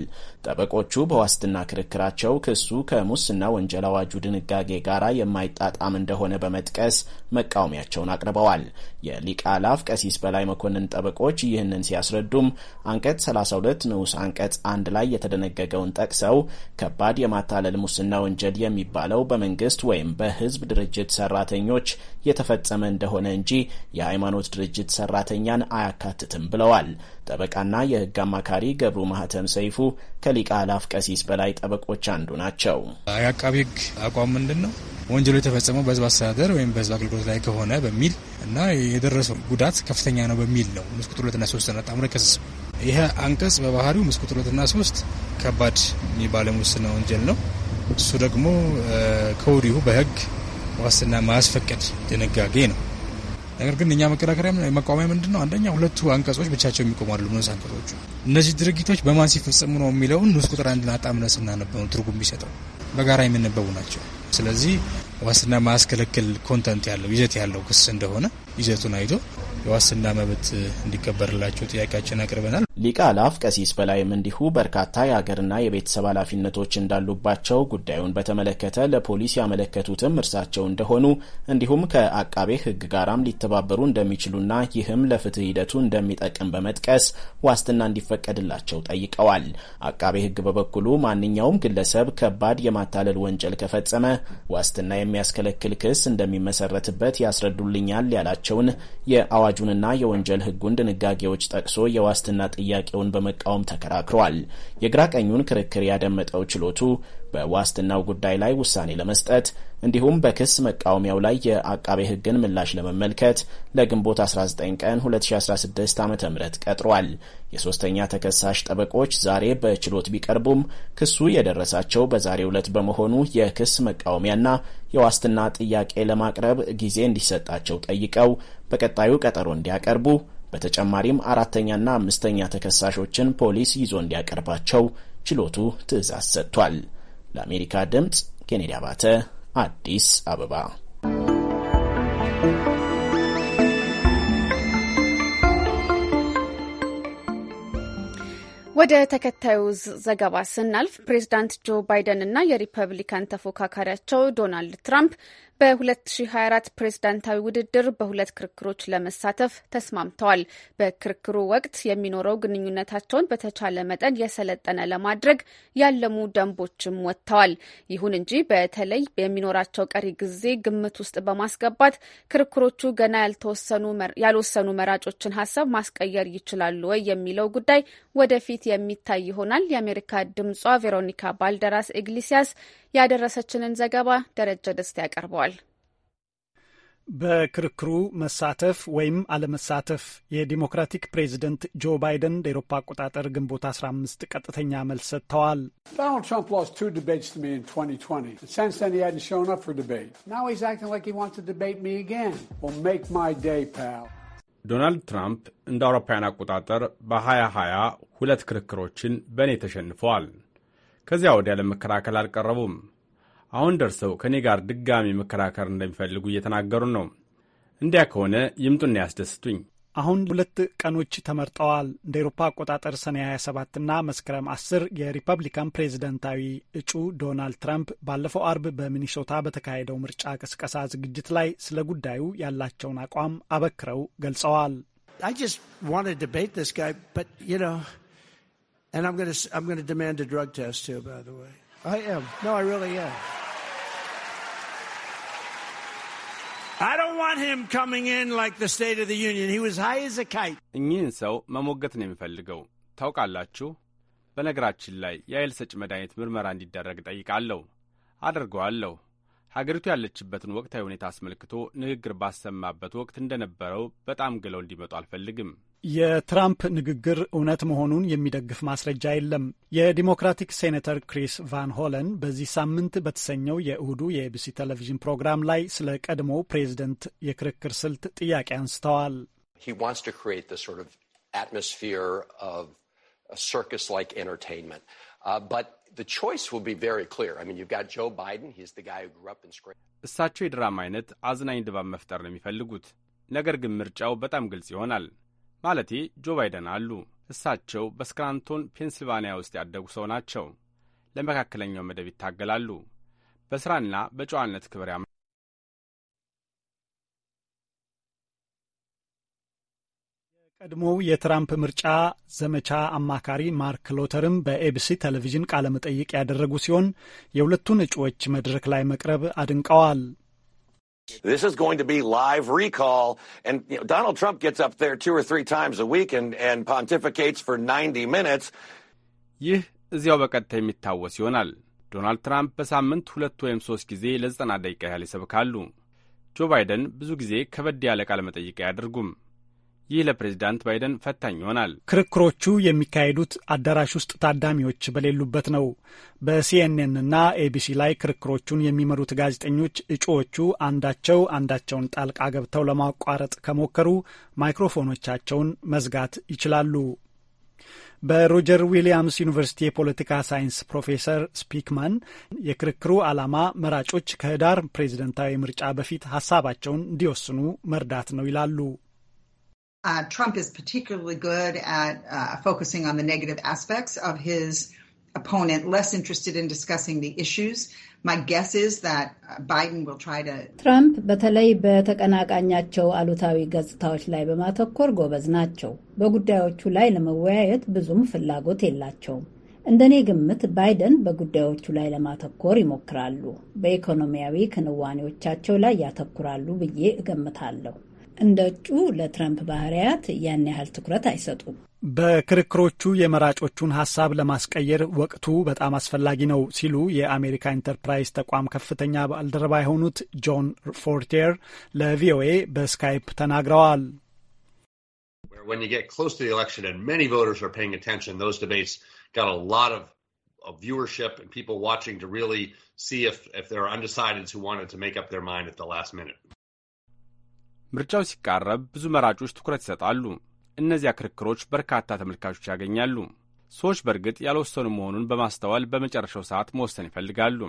ጠበቆቹ በዋስትና ክርክራቸው ክሱ ከሙስና ወንጀል አዋጁ ድንጋጌ ጋር የማይጣጣም እንደሆነ በመጥቀስ መቃወሚያቸውን አቅርበዋል። የሊቃ ላፍ ቀሲስ በላይ መኮንን ጠበቆች ይህንን ሲያስረዱም አንቀጽ 32 ንዑስ አንቀጽ አንድ ላይ የተደነገገውን ጠቅሰው ከባድ የማታለል ሙስና ወንጀል የሚባለው በመንግስት ወይም በህዝብ ድርጅት ሰራተኞች የተፈጸመ እንደሆነ እንጂ የሃይማኖት ድርጅት ሰራተኛን አያካትትም ብለዋል። ጠበቃና የህግ አማካሪ ገብሩ ማህተም ሰይፉ ከሊቃ ላፍ ቀሲስ በላይ ጠበቆች አንዱ ናቸው። የአቃቢ አቋም ምንድን ነው? ወንጀሉ የተፈጸመው በህዝብ አስተዳደር ወይም በህዝብ አገልግሎት ላይ ከሆነ በሚል እና የደረሰው ጉዳት ከፍተኛ ነው በሚል ነው ንዑስ ቁጥር ሁለትና ሶስት አጣምሮ ከሰሰ። ይህ አንቀጽ በባህሪው ንዑስ ቁጥር ሁለትና ሶስት ከባድ የሚባለ ሙስና ወንጀል ነው። እሱ ደግሞ ከወዲሁ በህግ ዋስትና ማያስፈቀድ ድንጋጌ ነው። ነገር ግን እኛ መከራከሪያ መቃወሚያ ምንድን ነው? አንደኛ ሁለቱ አንቀጾች ብቻቸው የሚቆሙ አይደሉም። ንዑስ አንቀጾቹ እነዚህ ድርጊቶች በማን ሲፈጸሙ ነው የሚለውን ንዑስ ቁጥር አንድን አጣምረን ስናነበው ትርጉም ቢሰጠው በጋራ የምንበቡ ናቸው። ስለዚህ ዋስትና ማስከለከል ኮንተንት ያለው ይዘት ያለው ክስ እንደሆነ ይዘቱን አይቶ የዋስትና መብት እንዲከበርላቸው ጥያቄያችን አቅርበናል። ሊቀ አላፍ ቀሲስ በላይም እንዲሁ በርካታ የሀገርና የቤተሰብ ኃላፊነቶች እንዳሉባቸው ጉዳዩን በተመለከተ ለፖሊስ ያመለከቱትም እርሳቸው እንደሆኑ እንዲሁም ከአቃቤ ሕግ ጋራም ሊተባበሩ እንደሚችሉና ይህም ለፍትህ ሂደቱ እንደሚጠቅም በመጥቀስ ዋስትና እንዲፈቀድላቸው ጠይቀዋል። አቃቤ ሕግ በበኩሉ ማንኛውም ግለሰብ ከባድ የማታለል ወንጀል ከፈጸመ ዋስትና የሚያስከለክል ክስ እንደሚመሰረትበት ያስረዱልኛል ያላቸውን የአዋጁንና የወንጀል ሕጉን ድንጋጌዎች ጠቅሶ የዋስትና ጥያቄውን በመቃወም ተከራክሯል። የግራ ቀኙን ክርክር ያደመጠው ችሎቱ በዋስትናው ጉዳይ ላይ ውሳኔ ለመስጠት እንዲሁም በክስ መቃወሚያው ላይ የአቃቤ ሕግን ምላሽ ለመመልከት ለግንቦት 19 ቀን 2016 ዓ ም ቀጥሯል። የሶስተኛ ተከሳሽ ጠበቆች ዛሬ በችሎት ቢቀርቡም ክሱ የደረሳቸው በዛሬው ዕለት በመሆኑ የክስ መቃወሚያና የዋስትና ጥያቄ ለማቅረብ ጊዜ እንዲሰጣቸው ጠይቀው በቀጣዩ ቀጠሮ እንዲያቀርቡ በተጨማሪም አራተኛና አምስተኛ ተከሳሾችን ፖሊስ ይዞ እንዲያቀርባቸው ችሎቱ ትዕዛዝ ሰጥቷል። ለአሜሪካ ድምፅ ኬኔዲ አባተ አዲስ አበባ። ወደ ተከታዩ ዘገባ ስናልፍ ፕሬዚዳንት ጆ ባይደን እና የሪፐብሊካን ተፎካካሪያቸው ዶናልድ ትራምፕ በ2024 ፕሬዝዳንታዊ ውድድር በሁለት ክርክሮች ለመሳተፍ ተስማምተዋል። በክርክሩ ወቅት የሚኖረው ግንኙነታቸውን በተቻለ መጠን የሰለጠነ ለማድረግ ያለሙ ደንቦችም ወጥተዋል። ይሁን እንጂ በተለይ የሚኖራቸው ቀሪ ጊዜ ግምት ውስጥ በማስገባት ክርክሮቹ ገና ያልወሰኑ መራጮችን ሀሳብ ማስቀየር ይችላሉ ወይ የሚለው ጉዳይ ወደፊት የሚታይ ይሆናል። የአሜሪካ ድምጿ ቬሮኒካ ባልደራስ ኢግሊሲያስ ያደረሰችንን ዘገባ ደረጀ ደስታ ያቀርበዋል። በክርክሩ መሳተፍ ወይም አለመሳተፍ የዲሞክራቲክ ፕሬዚደንት ጆ ባይደን እንደ ኤሮፓ አቆጣጠር ግንቦት 15 ቀጥተኛ መልስ ሰጥተዋል። ዶናልድ ትራምፕ እንደ አውሮፓውያን አቆጣጠር በ2020 ሁለት ክርክሮችን በእኔ ተሸንፈዋል። ከዚያ ወዲያ ለመከላከል አልቀረቡም። አሁን ደርሰው ከእኔ ጋር ድጋሚ መከራከር እንደሚፈልጉ እየተናገሩ ነው። እንዲያ ከሆነ ይምጡና ያስደስቱኝ። አሁን ሁለት ቀኖች ተመርጠዋል። እንደ ኤሮፓ አቆጣጠር ሰኔ 27ና መስከረም 10 የሪፐብሊካን ፕሬዚደንታዊ እጩ ዶናልድ ትራምፕ ባለፈው አርብ በሚኒሶታ በተካሄደው ምርጫ ቅስቀሳ ዝግጅት ላይ ስለ ጉዳዩ ያላቸውን አቋም አበክረው ገልጸዋል። ስ I am. No, I really am. I don't want him coming in like the State of the Union. He was high as a kite. እኚህን ሰው መሞገት ነው የሚፈልገው ታውቃላችሁ። በነገራችን ላይ የኃይል ሰጭ መድኃኒት ምርመራ እንዲደረግ ጠይቃለሁ። አድርገዋለሁ። ሀገሪቱ ያለችበትን ወቅታዊ ሁኔታ አስመልክቶ ንግግር ባሰማበት ወቅት እንደነበረው በጣም ግለው እንዲመጡ አልፈልግም። የትራምፕ ንግግር እውነት መሆኑን የሚደግፍ ማስረጃ የለም። የዲሞክራቲክ ሴኔተር ክሪስ ቫን ሆለን በዚህ ሳምንት በተሰኘው የእሁዱ የኤቢሲ ቴሌቪዥን ፕሮግራም ላይ ስለ ቀድሞው ፕሬዝደንት የክርክር ስልት ጥያቄ አንስተዋል። uh, እሳቸው የድራማ አይነት አዝናኝ ድባብ መፍጠር ነው የሚፈልጉት። ነገር ግን ምርጫው በጣም ግልጽ ይሆናል። ማለቴ ጆ ባይደን አሉ። እሳቸው በስክራንቶን ፔንስልቫንያ ውስጥ ያደጉ ሰው ናቸው። ለመካከለኛው መደብ ይታገላሉ። በሥራና በጨዋነት ክብር ያም የቀድሞው የትራምፕ ምርጫ ዘመቻ አማካሪ ማርክ ሎተርም በኤቢሲ ቴሌቪዥን ቃለ መጠይቅ ያደረጉ ሲሆን የሁለቱን እጩዎች መድረክ ላይ መቅረብ አድንቀዋል። This is going to be live recall. And you know, Donald Trump gets up there two or three times a week and, and pontificates for 90 minutes. ይህ እዚያው በቀጥታ የሚታወስ ይሆናል። ዶናልድ ትራምፕ በሳምንት ሁለት ወይም ሶስት ጊዜ ለዘጠና ደቂቃ ያህል ይሰብካሉ። ጆ ባይደን ብዙ ጊዜ ከበድ ያለ ቃለ መጠይቅ አያደርጉም። ይህ ለፕሬዚዳንት ባይደን ፈታኝ ይሆናል። ክርክሮቹ የሚካሄዱት አዳራሽ ውስጥ ታዳሚዎች በሌሉበት ነው። በሲኤንኤን እና ኤቢሲ ላይ ክርክሮቹን የሚመሩት ጋዜጠኞች እጩዎቹ አንዳቸው አንዳቸውን ጣልቃ ገብተው ለማቋረጥ ከሞከሩ ማይክሮፎኖቻቸውን መዝጋት ይችላሉ። በሮጀር ዊሊያምስ ዩኒቨርሲቲ የፖለቲካ ሳይንስ ፕሮፌሰር ስፒክማን የክርክሩ ዓላማ መራጮች ከህዳር ፕሬዝደንታዊ ምርጫ በፊት ሀሳባቸውን እንዲወስኑ መርዳት ነው ይላሉ። uh, Trump is particularly good at uh, focusing on the negative aspects of his opponent, less interested in discussing the issues. My guess is that Biden will try to... ትራምፕ በተለይ በተቀናቃኛቸው አሉታዊ ገጽታዎች ላይ በማተኮር ጎበዝ ናቸው። በጉዳዮቹ ላይ ለመወያየት ብዙም ፍላጎት የላቸውም። እንደኔ ግምት ባይደን በጉዳዮቹ ላይ ለማተኮር ይሞክራሉ። በኢኮኖሚያዊ ክንዋኔዎቻቸው ላይ ያተኩራሉ ብዬ እገምታለሁ። እንደ እጩ ለትራምፕ ባህሪያት ያን ያህል ትኩረት አይሰጡም። በክርክሮቹ የመራጮቹን ሀሳብ ለማስቀየር ወቅቱ በጣም አስፈላጊ ነው ሲሉ የአሜሪካ ኢንተርፕራይዝ ተቋም ከፍተኛ ባልደረባ የሆኑት ጆን ፎርቴር ለቪኦኤ በስካይፕ ተናግረዋል። ምርጫው ሲቃረብ ብዙ መራጮች ትኩረት ይሰጣሉ። እነዚያ ክርክሮች በርካታ ተመልካቾች ያገኛሉ። ሰዎች በእርግጥ ያልወሰኑ መሆኑን በማስተዋል በመጨረሻው ሰዓት መወሰን ይፈልጋሉ።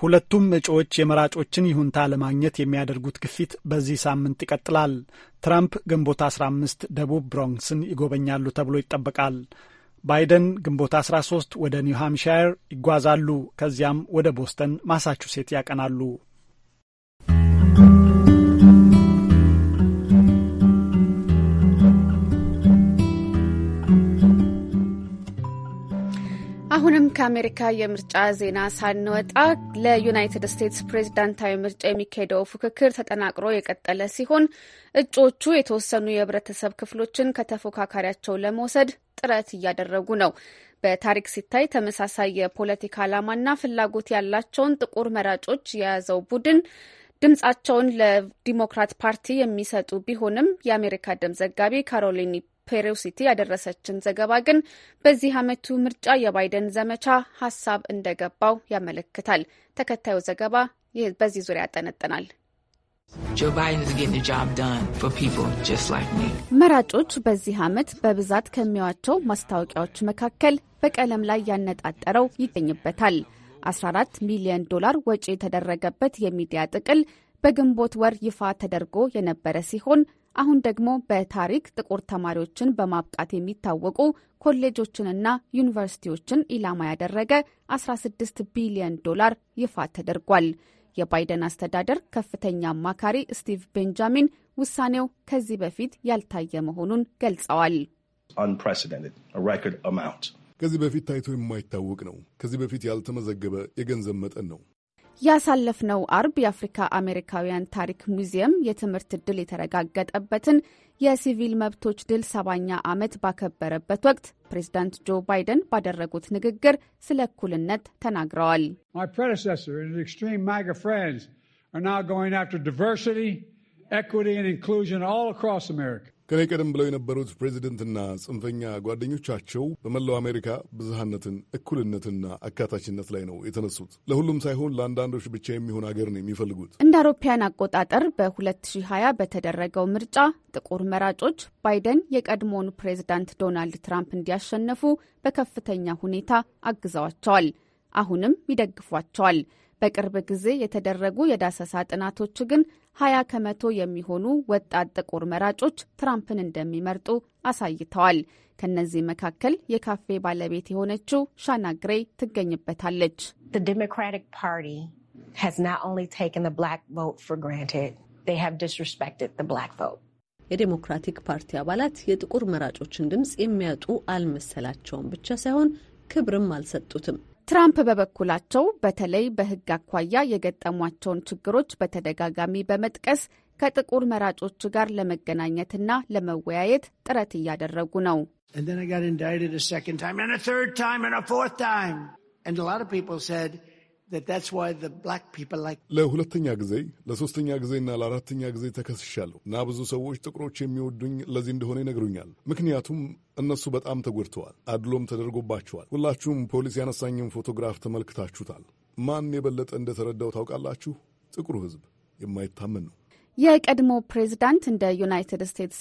ሁለቱም እጩዎች የመራጮችን ይሁንታ ለማግኘት የሚያደርጉት ግፊት በዚህ ሳምንት ይቀጥላል። ትራምፕ ግንቦት 15 ደቡብ ብሮንክስን ይጎበኛሉ ተብሎ ይጠበቃል። ባይደን ግንቦት 13 ወደ ኒው ሃምሻየር ይጓዛሉ። ከዚያም ወደ ቦስተን ማሳቹሴት ያቀናሉ። አሁንም ከአሜሪካ የምርጫ ዜና ሳንወጣ ለዩናይትድ ስቴትስ ፕሬዚዳንታዊ ምርጫ የሚካሄደው ፉክክር ተጠናቅሮ የቀጠለ ሲሆን እጩዎቹ የተወሰኑ የህብረተሰብ ክፍሎችን ከተፎካካሪያቸው ለመውሰድ ጥረት እያደረጉ ነው። በታሪክ ሲታይ ተመሳሳይ የፖለቲካ ዓላማና ፍላጎት ያላቸውን ጥቁር መራጮች የያዘው ቡድን ድምጻቸውን ለዲሞክራት ፓርቲ የሚሰጡ ቢሆንም የአሜሪካ ድምፅ ዘጋቢ ካሮሊን ፔሮሲቲ ያደረሰችን ዘገባ ግን በዚህ ዓመቱ ምርጫ የባይደን ዘመቻ ሀሳብ እንደገባው ያመለክታል። ተከታዩ ዘገባ በዚህ ዙሪያ ያጠነጥናል። መራጮች በዚህ ዓመት በብዛት ከሚዋቸው ማስታወቂያዎች መካከል በቀለም ላይ ያነጣጠረው ይገኝበታል። 14 ሚሊዮን ዶላር ወጪ የተደረገበት የሚዲያ ጥቅል በግንቦት ወር ይፋ ተደርጎ የነበረ ሲሆን አሁን ደግሞ በታሪክ ጥቁር ተማሪዎችን በማብቃት የሚታወቁ ኮሌጆችንና ዩኒቨርሲቲዎችን ኢላማ ያደረገ 16 ቢሊዮን ዶላር ይፋ ተደርጓል። የባይደን አስተዳደር ከፍተኛ አማካሪ ስቲቭ ቤንጃሚን ውሳኔው ከዚህ በፊት ያልታየ መሆኑን ገልጸዋል። ከዚህ በፊት ታይቶ የማይታወቅ ነው። ከዚህ በፊት ያልተመዘገበ የገንዘብ መጠን ነው። ያሳለፍነው አርብ የአፍሪካ አሜሪካውያን ታሪክ ሙዚየም የትምህርት ድል የተረጋገጠበትን የሲቪል መብቶች ድል ሰባኛ ዓመት ባከበረበት ወቅት ፕሬዝዳንት ጆ ባይደን ባደረጉት ንግግር ስለ እኩልነት ተናግረዋል። ከኔ ቀደም ብለው የነበሩት ፕሬዚደንትና ጽንፈኛ ጓደኞቻቸው በመላው አሜሪካ ብዝሃነትን፣ እኩልነትና አካታችነት ላይ ነው የተነሱት። ለሁሉም ሳይሆን ለአንዳንዶች ብቻ የሚሆን አገር ነው የሚፈልጉት። እንደ አውሮፓያን አቆጣጠር በ2020 በተደረገው ምርጫ ጥቁር መራጮች ባይደን የቀድሞውን ፕሬዚዳንት ዶናልድ ትራምፕ እንዲያሸነፉ በከፍተኛ ሁኔታ አግዘዋቸዋል። አሁንም ይደግፏቸዋል። በቅርብ ጊዜ የተደረጉ የዳሰሳ ጥናቶች ግን 20 ከመቶ የሚሆኑ ወጣት ጥቁር መራጮች ትራምፕን እንደሚመርጡ አሳይተዋል። ከነዚህ መካከል የካፌ ባለቤት የሆነችው ሻና ግሬይ ትገኝበታለች። የዴሞክራቲክ ፓርቲ አባላት የጥቁር መራጮችን ድምፅ የሚያጡ አልመሰላቸውም ብቻ ሳይሆን ክብርም አልሰጡትም። ትራምፕ በበኩላቸው በተለይ በሕግ አኳያ የገጠሟቸውን ችግሮች በተደጋጋሚ በመጥቀስ ከጥቁር መራጮች ጋር ለመገናኘትና ለመወያየት ጥረት እያደረጉ ነው። And then I got indicted a second time and a third time and a fourth time. And a lot of people said, ለሁለተኛ ጊዜ ለሶስተኛ ጊዜና ለአራተኛ ጊዜ ተከስሻለሁ እና ብዙ ሰዎች ጥቁሮች የሚወዱኝ ለዚህ እንደሆነ ይነግሩኛል። ምክንያቱም እነሱ በጣም ተጎድተዋል፣ አድሎም ተደርጎባቸዋል። ሁላችሁም ፖሊስ ያነሳኝን ፎቶግራፍ ተመልክታችሁታል። ማን የበለጠ እንደተረዳው ታውቃላችሁ? ጥቁሩ ሕዝብ የማይታመን ነው። የቀድሞ ፕሬዝዳንት እንደ ዩናይትድ ስቴትስ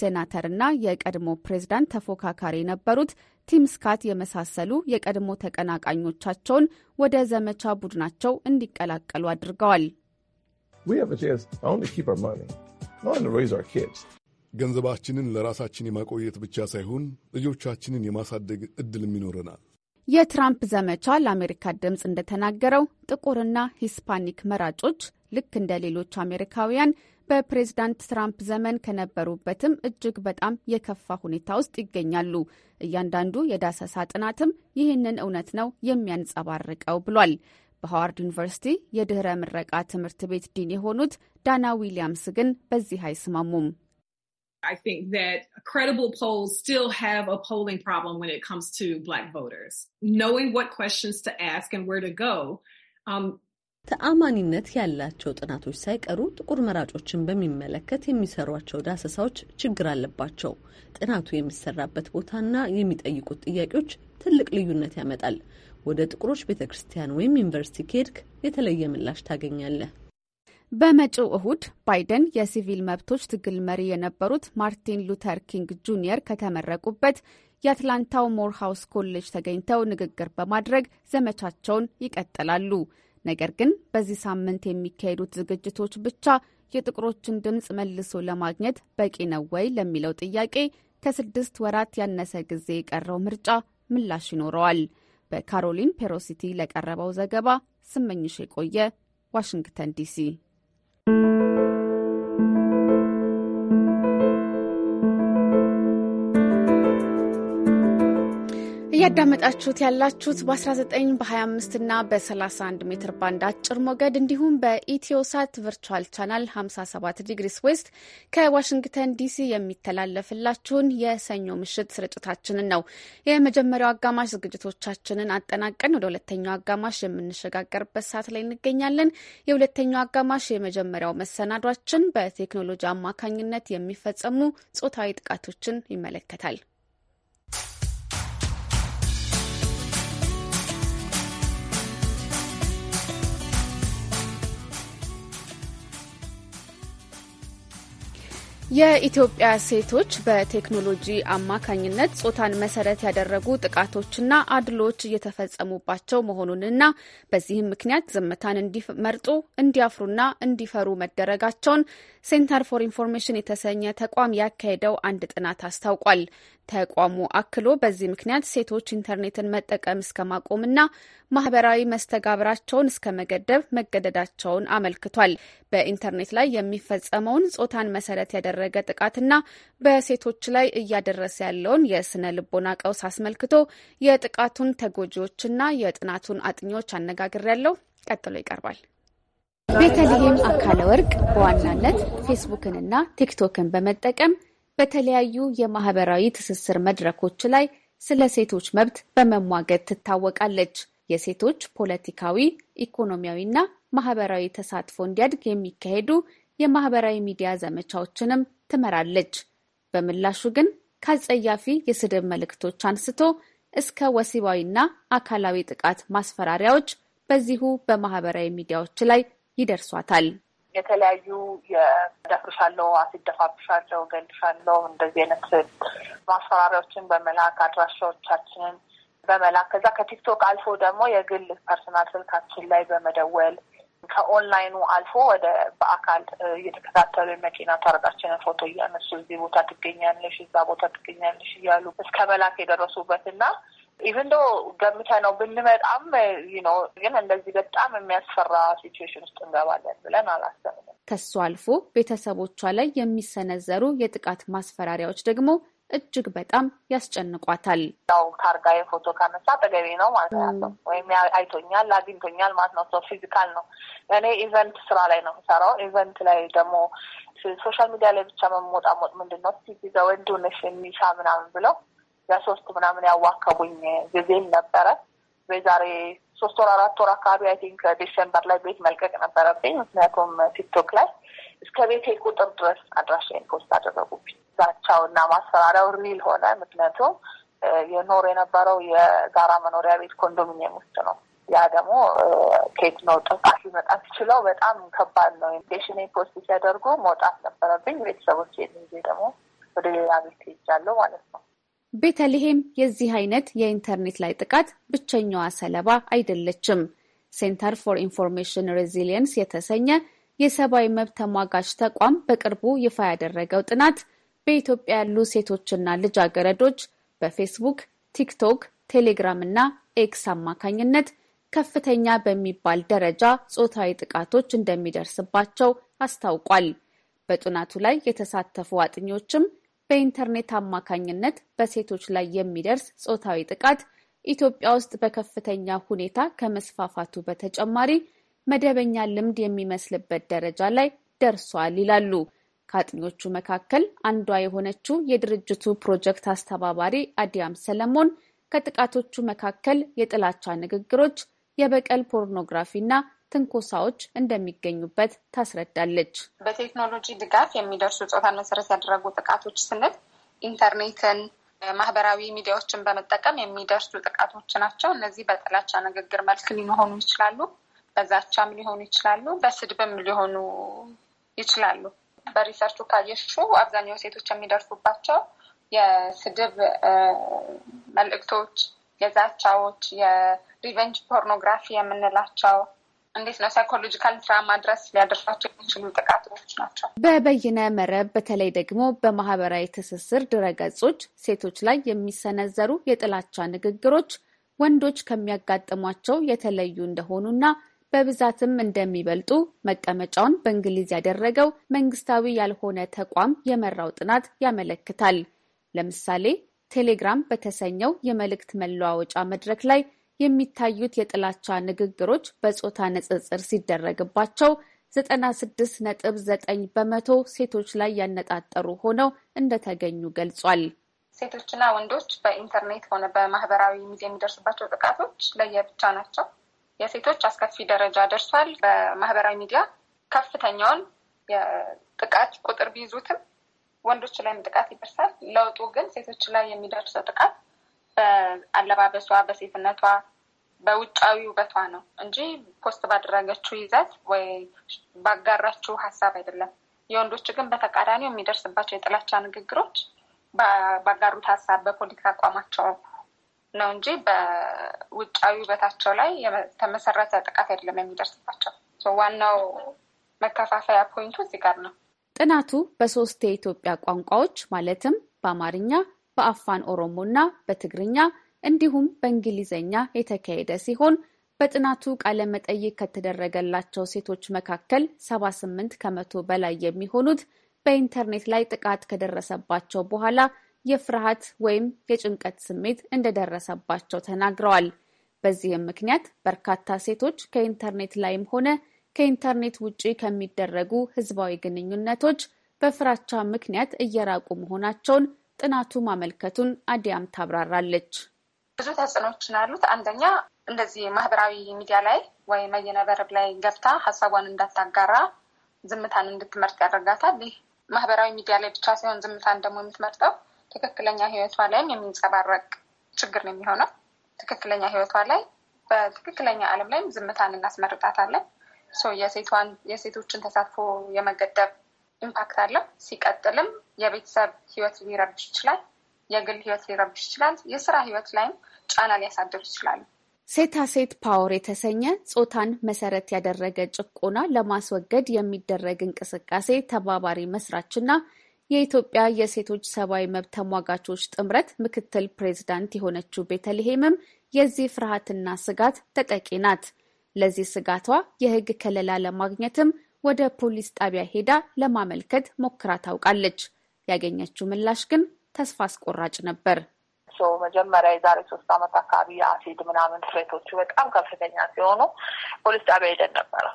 እና የቀድሞ ፕሬዝዳንት ተፎካካሪ የነበሩት ቲም ስካት የመሳሰሉ የቀድሞ ተቀናቃኞቻቸውን ወደ ዘመቻ ቡድናቸው እንዲቀላቀሉ አድርገዋል። ገንዘባችንን ለራሳችን የማቆየት ብቻ ሳይሆን ልጆቻችንን የማሳደግ እድልም ይኖረናል። የትራምፕ ዘመቻ ለአሜሪካ ድምፅ እንደተናገረው ጥቁርና ሂስፓኒክ መራጮች ልክ እንደ ሌሎች አሜሪካውያን በፕሬዝዳንት ትራምፕ ዘመን ከነበሩበትም እጅግ በጣም የከፋ ሁኔታ ውስጥ ይገኛሉ። እያንዳንዱ የዳሰሳ ጥናትም ይህንን እውነት ነው የሚያንጸባርቀው ብሏል። በሃዋርድ ዩኒቨርሲቲ የድኅረ ምረቃ ትምህርት ቤት ዲን የሆኑት ዳና ዊሊያምስ ግን በዚህ አይስማሙም። ተአማኒነት ያላቸው ጥናቶች ሳይቀሩ ጥቁር መራጮችን በሚመለከት የሚሰሯቸው ዳሰሳዎች ችግር አለባቸው። ጥናቱ የሚሰራበት ቦታና የሚጠይቁት ጥያቄዎች ትልቅ ልዩነት ያመጣል። ወደ ጥቁሮች ቤተ ክርስቲያን ወይም ዩኒቨርሲቲ ከሄድክ የተለየ ምላሽ ታገኛለህ። በመጪው እሁድ ባይደን የሲቪል መብቶች ትግል መሪ የነበሩት ማርቲን ሉተር ኪንግ ጁኒየር ከተመረቁበት የአትላንታው ሞርሃውስ ኮሌጅ ተገኝተው ንግግር በማድረግ ዘመቻቸውን ይቀጥላሉ። ነገር ግን በዚህ ሳምንት የሚካሄዱት ዝግጅቶች ብቻ የጥቁሮችን ድምፅ መልሶ ለማግኘት በቂ ነው ወይ ለሚለው ጥያቄ ከስድስት ወራት ያነሰ ጊዜ የቀረው ምርጫ ምላሽ ይኖረዋል። በካሮሊን ፔሮሲቲ ለቀረበው ዘገባ ስመኝሽ የቆየ ዋሽንግተን ዲሲ። እያዳመጣችሁት ያላችሁት በ19 በ25 እና በ31 ሜትር ባንድ አጭር ሞገድ እንዲሁም በኢትዮሳት ቨርቹዋል ቻናል 57 ዲግሪስ ዌስት ከዋሽንግተን ዲሲ የሚተላለፍላችሁን የሰኞ ምሽት ስርጭታችንን ነው። የመጀመሪያው አጋማሽ ዝግጅቶቻችንን አጠናቀን ወደ ሁለተኛው አጋማሽ የምንሸጋገርበት ሰዓት ላይ እንገኛለን። የሁለተኛው አጋማሽ የመጀመሪያው መሰናዷችን በቴክኖሎጂ አማካኝነት የሚፈጸሙ ጾታዊ ጥቃቶችን ይመለከታል። የኢትዮጵያ ሴቶች በቴክኖሎጂ አማካኝነት ጾታን መሰረት ያደረጉ ጥቃቶችና አድሎች እየተፈጸሙባቸው መሆኑንና በዚህም ምክንያት ዝምታን እንዲመርጡ እንዲያፍሩና እንዲፈሩ መደረጋቸውን ሴንተር ፎር ኢንፎርሜሽን የተሰኘ ተቋም ያካሄደው አንድ ጥናት አስታውቋል። ተቋሙ አክሎ በዚህ ምክንያት ሴቶች ኢንተርኔትን መጠቀም እስከ ማቆምና ማህበራዊ መስተጋብራቸውን እስከ መገደብ መገደዳቸውን አመልክቷል። በኢንተርኔት ላይ የሚፈጸመውን ጾታን መሰረት ያደረገ ጥቃትና በሴቶች ላይ እያደረሰ ያለውን የስነ ልቦና ቀውስ አስመልክቶ የጥቃቱን ተጎጂዎችና የጥናቱን አጥኚዎች ያለው ቀጥሎ ይቀርባል። ቤተልሔም አካለ ወርቅ በዋናነት ፌስቡክንና ቲክቶክን በመጠቀም በተለያዩ የማህበራዊ ትስስር መድረኮች ላይ ስለ ሴቶች መብት በመሟገት ትታወቃለች። የሴቶች ፖለቲካዊ፣ ኢኮኖሚያዊና ማህበራዊ ተሳትፎ እንዲያድግ የሚካሄዱ የማህበራዊ ሚዲያ ዘመቻዎችንም ትመራለች። በምላሹ ግን ከአጸያፊ የስድብ መልእክቶች አንስቶ እስከ ወሲባዊና አካላዊ ጥቃት ማስፈራሪያዎች በዚሁ በማህበራዊ ሚዲያዎች ላይ ይደርሷታል። የተለያዩ የደፍርሻለው፣ አስደፋብሻለው፣ ገልሻለው እንደዚህ አይነት ማስፈራሪያዎችን በመላክ አድራሻዎቻችንን በመላክ ከዛ ከቲክቶክ አልፎ ደግሞ የግል ፐርሰናል ስልካችን ላይ በመደወል ከኦንላይኑ አልፎ ወደ በአካል እየተከታተሉ የመኪና ታርጋችንን ፎቶ እያነሱ እዚህ ቦታ ትገኛለሽ፣ እዛ ቦታ ትገኛለሽ እያሉ እስከ መላክ የደረሱበት ኢቨን ዶ ነው ብንመጣም ነው፣ ግን እንደዚህ በጣም የሚያስፈራ ሲትዌሽን ውስጥ እንገባለን ብለን አላሰብንም። ከሱ አልፎ ቤተሰቦቿ ላይ የሚሰነዘሩ የጥቃት ማስፈራሪያዎች ደግሞ እጅግ በጣም ያስጨንቋታል። ያው ታርጋ የፎቶ ካነሳ ጠገቢ ነው ማለት ነው፣ ወይም አይቶኛል አግኝቶኛል ማለት ነው። ሰው ፊዚካል ነው። እኔ ኢቨንት ስራ ላይ ነው የምሰራው። ኢቨንት ላይ ደግሞ ሶሻል ሚዲያ ላይ ብቻ መሞጣሞጥ ምንድን ነው? ሲዛ ወንድ የሚሻ ምናምን ብለው ለሶስት ምናምን ያዋከቡኝ ጊዜም ነበረ። በዛሬ ሶስት ወር አራት ወር አካባቢ አይ ቲንክ ዲሴምበር ላይ ቤት መልቀቅ ነበረብኝ። ምክንያቱም ቲክቶክ ላይ እስከ ቤቴ ቁጥር ድረስ አድራሻዬን ፖስት አደረጉብኝ። ዛቻው እና ማስፈራሪያው ሪል ሆነ። ምክንያቱም የኖር የነበረው የጋራ መኖሪያ ቤት ኮንዶሚኒየም ውስጥ ነው። ያ ደግሞ ኬት ነው ጥፋት ሊመጣ ትችለው በጣም ከባድ ነው። ኢንዴሽኔ ፖስት ሲያደርጉ መውጣት ነበረብኝ። ቤተሰቦች ጊዜ ደግሞ ወደ ሌላ ቤት ሄጃለሁ ማለት ነው። ቤተልሔም የዚህ አይነት የኢንተርኔት ላይ ጥቃት ብቸኛዋ ሰለባ አይደለችም። ሴንተር ፎር ኢንፎርሜሽን ሬዚሊየንስ የተሰኘ የሰብአዊ መብት ተሟጋች ተቋም በቅርቡ ይፋ ያደረገው ጥናት በኢትዮጵያ ያሉ ሴቶችና ልጃገረዶች በፌስቡክ፣ ቲክቶክ፣ ቴሌግራም እና ኤክስ አማካኝነት ከፍተኛ በሚባል ደረጃ ጾታዊ ጥቃቶች እንደሚደርስባቸው አስታውቋል። በጥናቱ ላይ የተሳተፉ አጥኚዎችም በኢንተርኔት አማካኝነት በሴቶች ላይ የሚደርስ ጾታዊ ጥቃት ኢትዮጵያ ውስጥ በከፍተኛ ሁኔታ ከመስፋፋቱ በተጨማሪ መደበኛ ልምድ የሚመስልበት ደረጃ ላይ ደርሷል ይላሉ። ከአጥኞቹ መካከል አንዷ የሆነችው የድርጅቱ ፕሮጀክት አስተባባሪ አዲያም ሰለሞን ከጥቃቶቹ መካከል የጥላቻ ንግግሮች፣ የበቀል ፖርኖግራፊ ትንኮሳዎች እንደሚገኙበት ታስረዳለች። በቴክኖሎጂ ድጋፍ የሚደርሱ ጾታን መሰረት ያደረጉ ጥቃቶች ስንል ኢንተርኔትን፣ ማህበራዊ ሚዲያዎችን በመጠቀም የሚደርሱ ጥቃቶች ናቸው። እነዚህ በጥላቻ ንግግር መልክ ሊሆኑ ይችላሉ፣ በዛቻም ሊሆኑ ይችላሉ፣ በስድብም ሊሆኑ ይችላሉ። በሪሰርቹ ካየሹ አብዛኛው ሴቶች የሚደርሱባቸው የስድብ መልእክቶች፣ የዛቻዎች፣ የሪቨንጅ ፖርኖግራፊ የምንላቸው እንዴት ነው ሳይኮሎጂካል ትራማ ድረስ ሊያደርሳቸው የሚችሉ ጥቃቶች ናቸው። በበይነ መረብ በተለይ ደግሞ በማህበራዊ ትስስር ድረገጾች ሴቶች ላይ የሚሰነዘሩ የጥላቻ ንግግሮች ወንዶች ከሚያጋጥሟቸው የተለዩ እንደሆኑና በብዛትም እንደሚበልጡ መቀመጫውን በእንግሊዝ ያደረገው መንግስታዊ ያልሆነ ተቋም የመራው ጥናት ያመለክታል። ለምሳሌ ቴሌግራም በተሰኘው የመልእክት መለዋወጫ መድረክ ላይ የሚታዩት የጥላቻ ንግግሮች በጾታ ንጽጽር ሲደረግባቸው 96.9 በመቶ ሴቶች ላይ ያነጣጠሩ ሆነው እንደተገኙ ገልጿል። ሴቶችና ወንዶች በኢንተርኔት ሆነ በማህበራዊ ሚዲያ የሚደርሱባቸው ጥቃቶች ለየብቻ ናቸው። የሴቶች አስከፊ ደረጃ ደርሷል። በማህበራዊ ሚዲያ ከፍተኛውን የጥቃት ቁጥር ቢይዙትም ወንዶች ላይም ጥቃት ይደርሳል። ለውጡ ግን ሴቶች ላይ የሚደርሰው ጥቃት በአለባበሷ፣ በሴትነቷ፣ በውጫዊ ውበቷ ነው እንጂ ፖስት ባደረገችው ይዘት ወይ ባጋራችው ሀሳብ አይደለም። የወንዶች ግን በተቃራኒው የሚደርስባቸው የጥላቻ ንግግሮች ባጋሩት ሀሳብ፣ በፖለቲካ አቋማቸው ነው እንጂ በውጫዊ ውበታቸው ላይ የተመሰረተ ጥቃት አይደለም የሚደርስባቸው። ዋናው መከፋፈያ ፖይንቱ እዚህ ጋር ነው። ጥናቱ በሶስት የኢትዮጵያ ቋንቋዎች ማለትም በአማርኛ፣ በአፋን ኦሮሞና በትግርኛ እንዲሁም በእንግሊዝኛ የተካሄደ ሲሆን በጥናቱ መጠይቅ ከተደረገላቸው ሴቶች መካከል 78 ከመቶ በላይ የሚሆኑት በኢንተርኔት ላይ ጥቃት ከደረሰባቸው በኋላ የፍርሃት ወይም የጭንቀት ስሜት እንደደረሰባቸው ተናግረዋል። በዚህም ምክንያት በርካታ ሴቶች ከኢንተርኔት ላይም ሆነ ከኢንተርኔት ውጪ ከሚደረጉ ሕዝባዊ ግንኙነቶች በፍራቻ ምክንያት እየራቁ መሆናቸውን ጥናቱ ማመልከቱን አዲያም ታብራራለች። ብዙ ተጽዕኖች አሉት። አንደኛ እንደዚህ ማህበራዊ ሚዲያ ላይ ወይ መየነበረብ ላይ ገብታ ሀሳቧን እንዳታጋራ ዝምታን እንድትመርጥ ያደርጋታል። ይህ ማህበራዊ ሚዲያ ላይ ብቻ ሳይሆን ዝምታን ደግሞ የምትመርጠው ትክክለኛ ህይወቷ ላይም የሚንጸባረቅ ችግር ነው የሚሆነው። ትክክለኛ ህይወቷ ላይ በትክክለኛ ዓለም ላይም ዝምታን እናስመርጣታለን። የሴቶችን ተሳትፎ የመገደብ ኢምፓክት አለው። ሲቀጥልም የቤተሰብ ህይወት ሊረብሽ ይችላል። የግል ህይወት ሊረብሽ ይችላል። የስራ ህይወት ላይም ጫና ሊያሳድሩ ይችላሉ። ሴት ፓወር የተሰኘ ጾታን መሰረት ያደረገ ጭቆና ለማስወገድ የሚደረግ እንቅስቃሴ ተባባሪ መስራችና የኢትዮጵያ የሴቶች ሰብአዊ መብት ተሟጋቾች ጥምረት ምክትል ፕሬዝዳንት የሆነችው ቤተልሔምም የዚህ ፍርሃትና ስጋት ተጠቂ ናት። ለዚህ ስጋቷ የህግ ከለላ ለማግኘትም ወደ ፖሊስ ጣቢያ ሄዳ ለማመልከት ሞክራ ታውቃለች። ያገኘችው ምላሽ ግን ተስፋ አስቆራጭ ነበር። መጀመሪያ የዛሬ ሶስት ዓመት አካባቢ የአሲድ ምናምን ፍሬቶቹ በጣም ከፍተኛ ሲሆኑ ፖሊስ ጣቢያ ሄደን ነበረ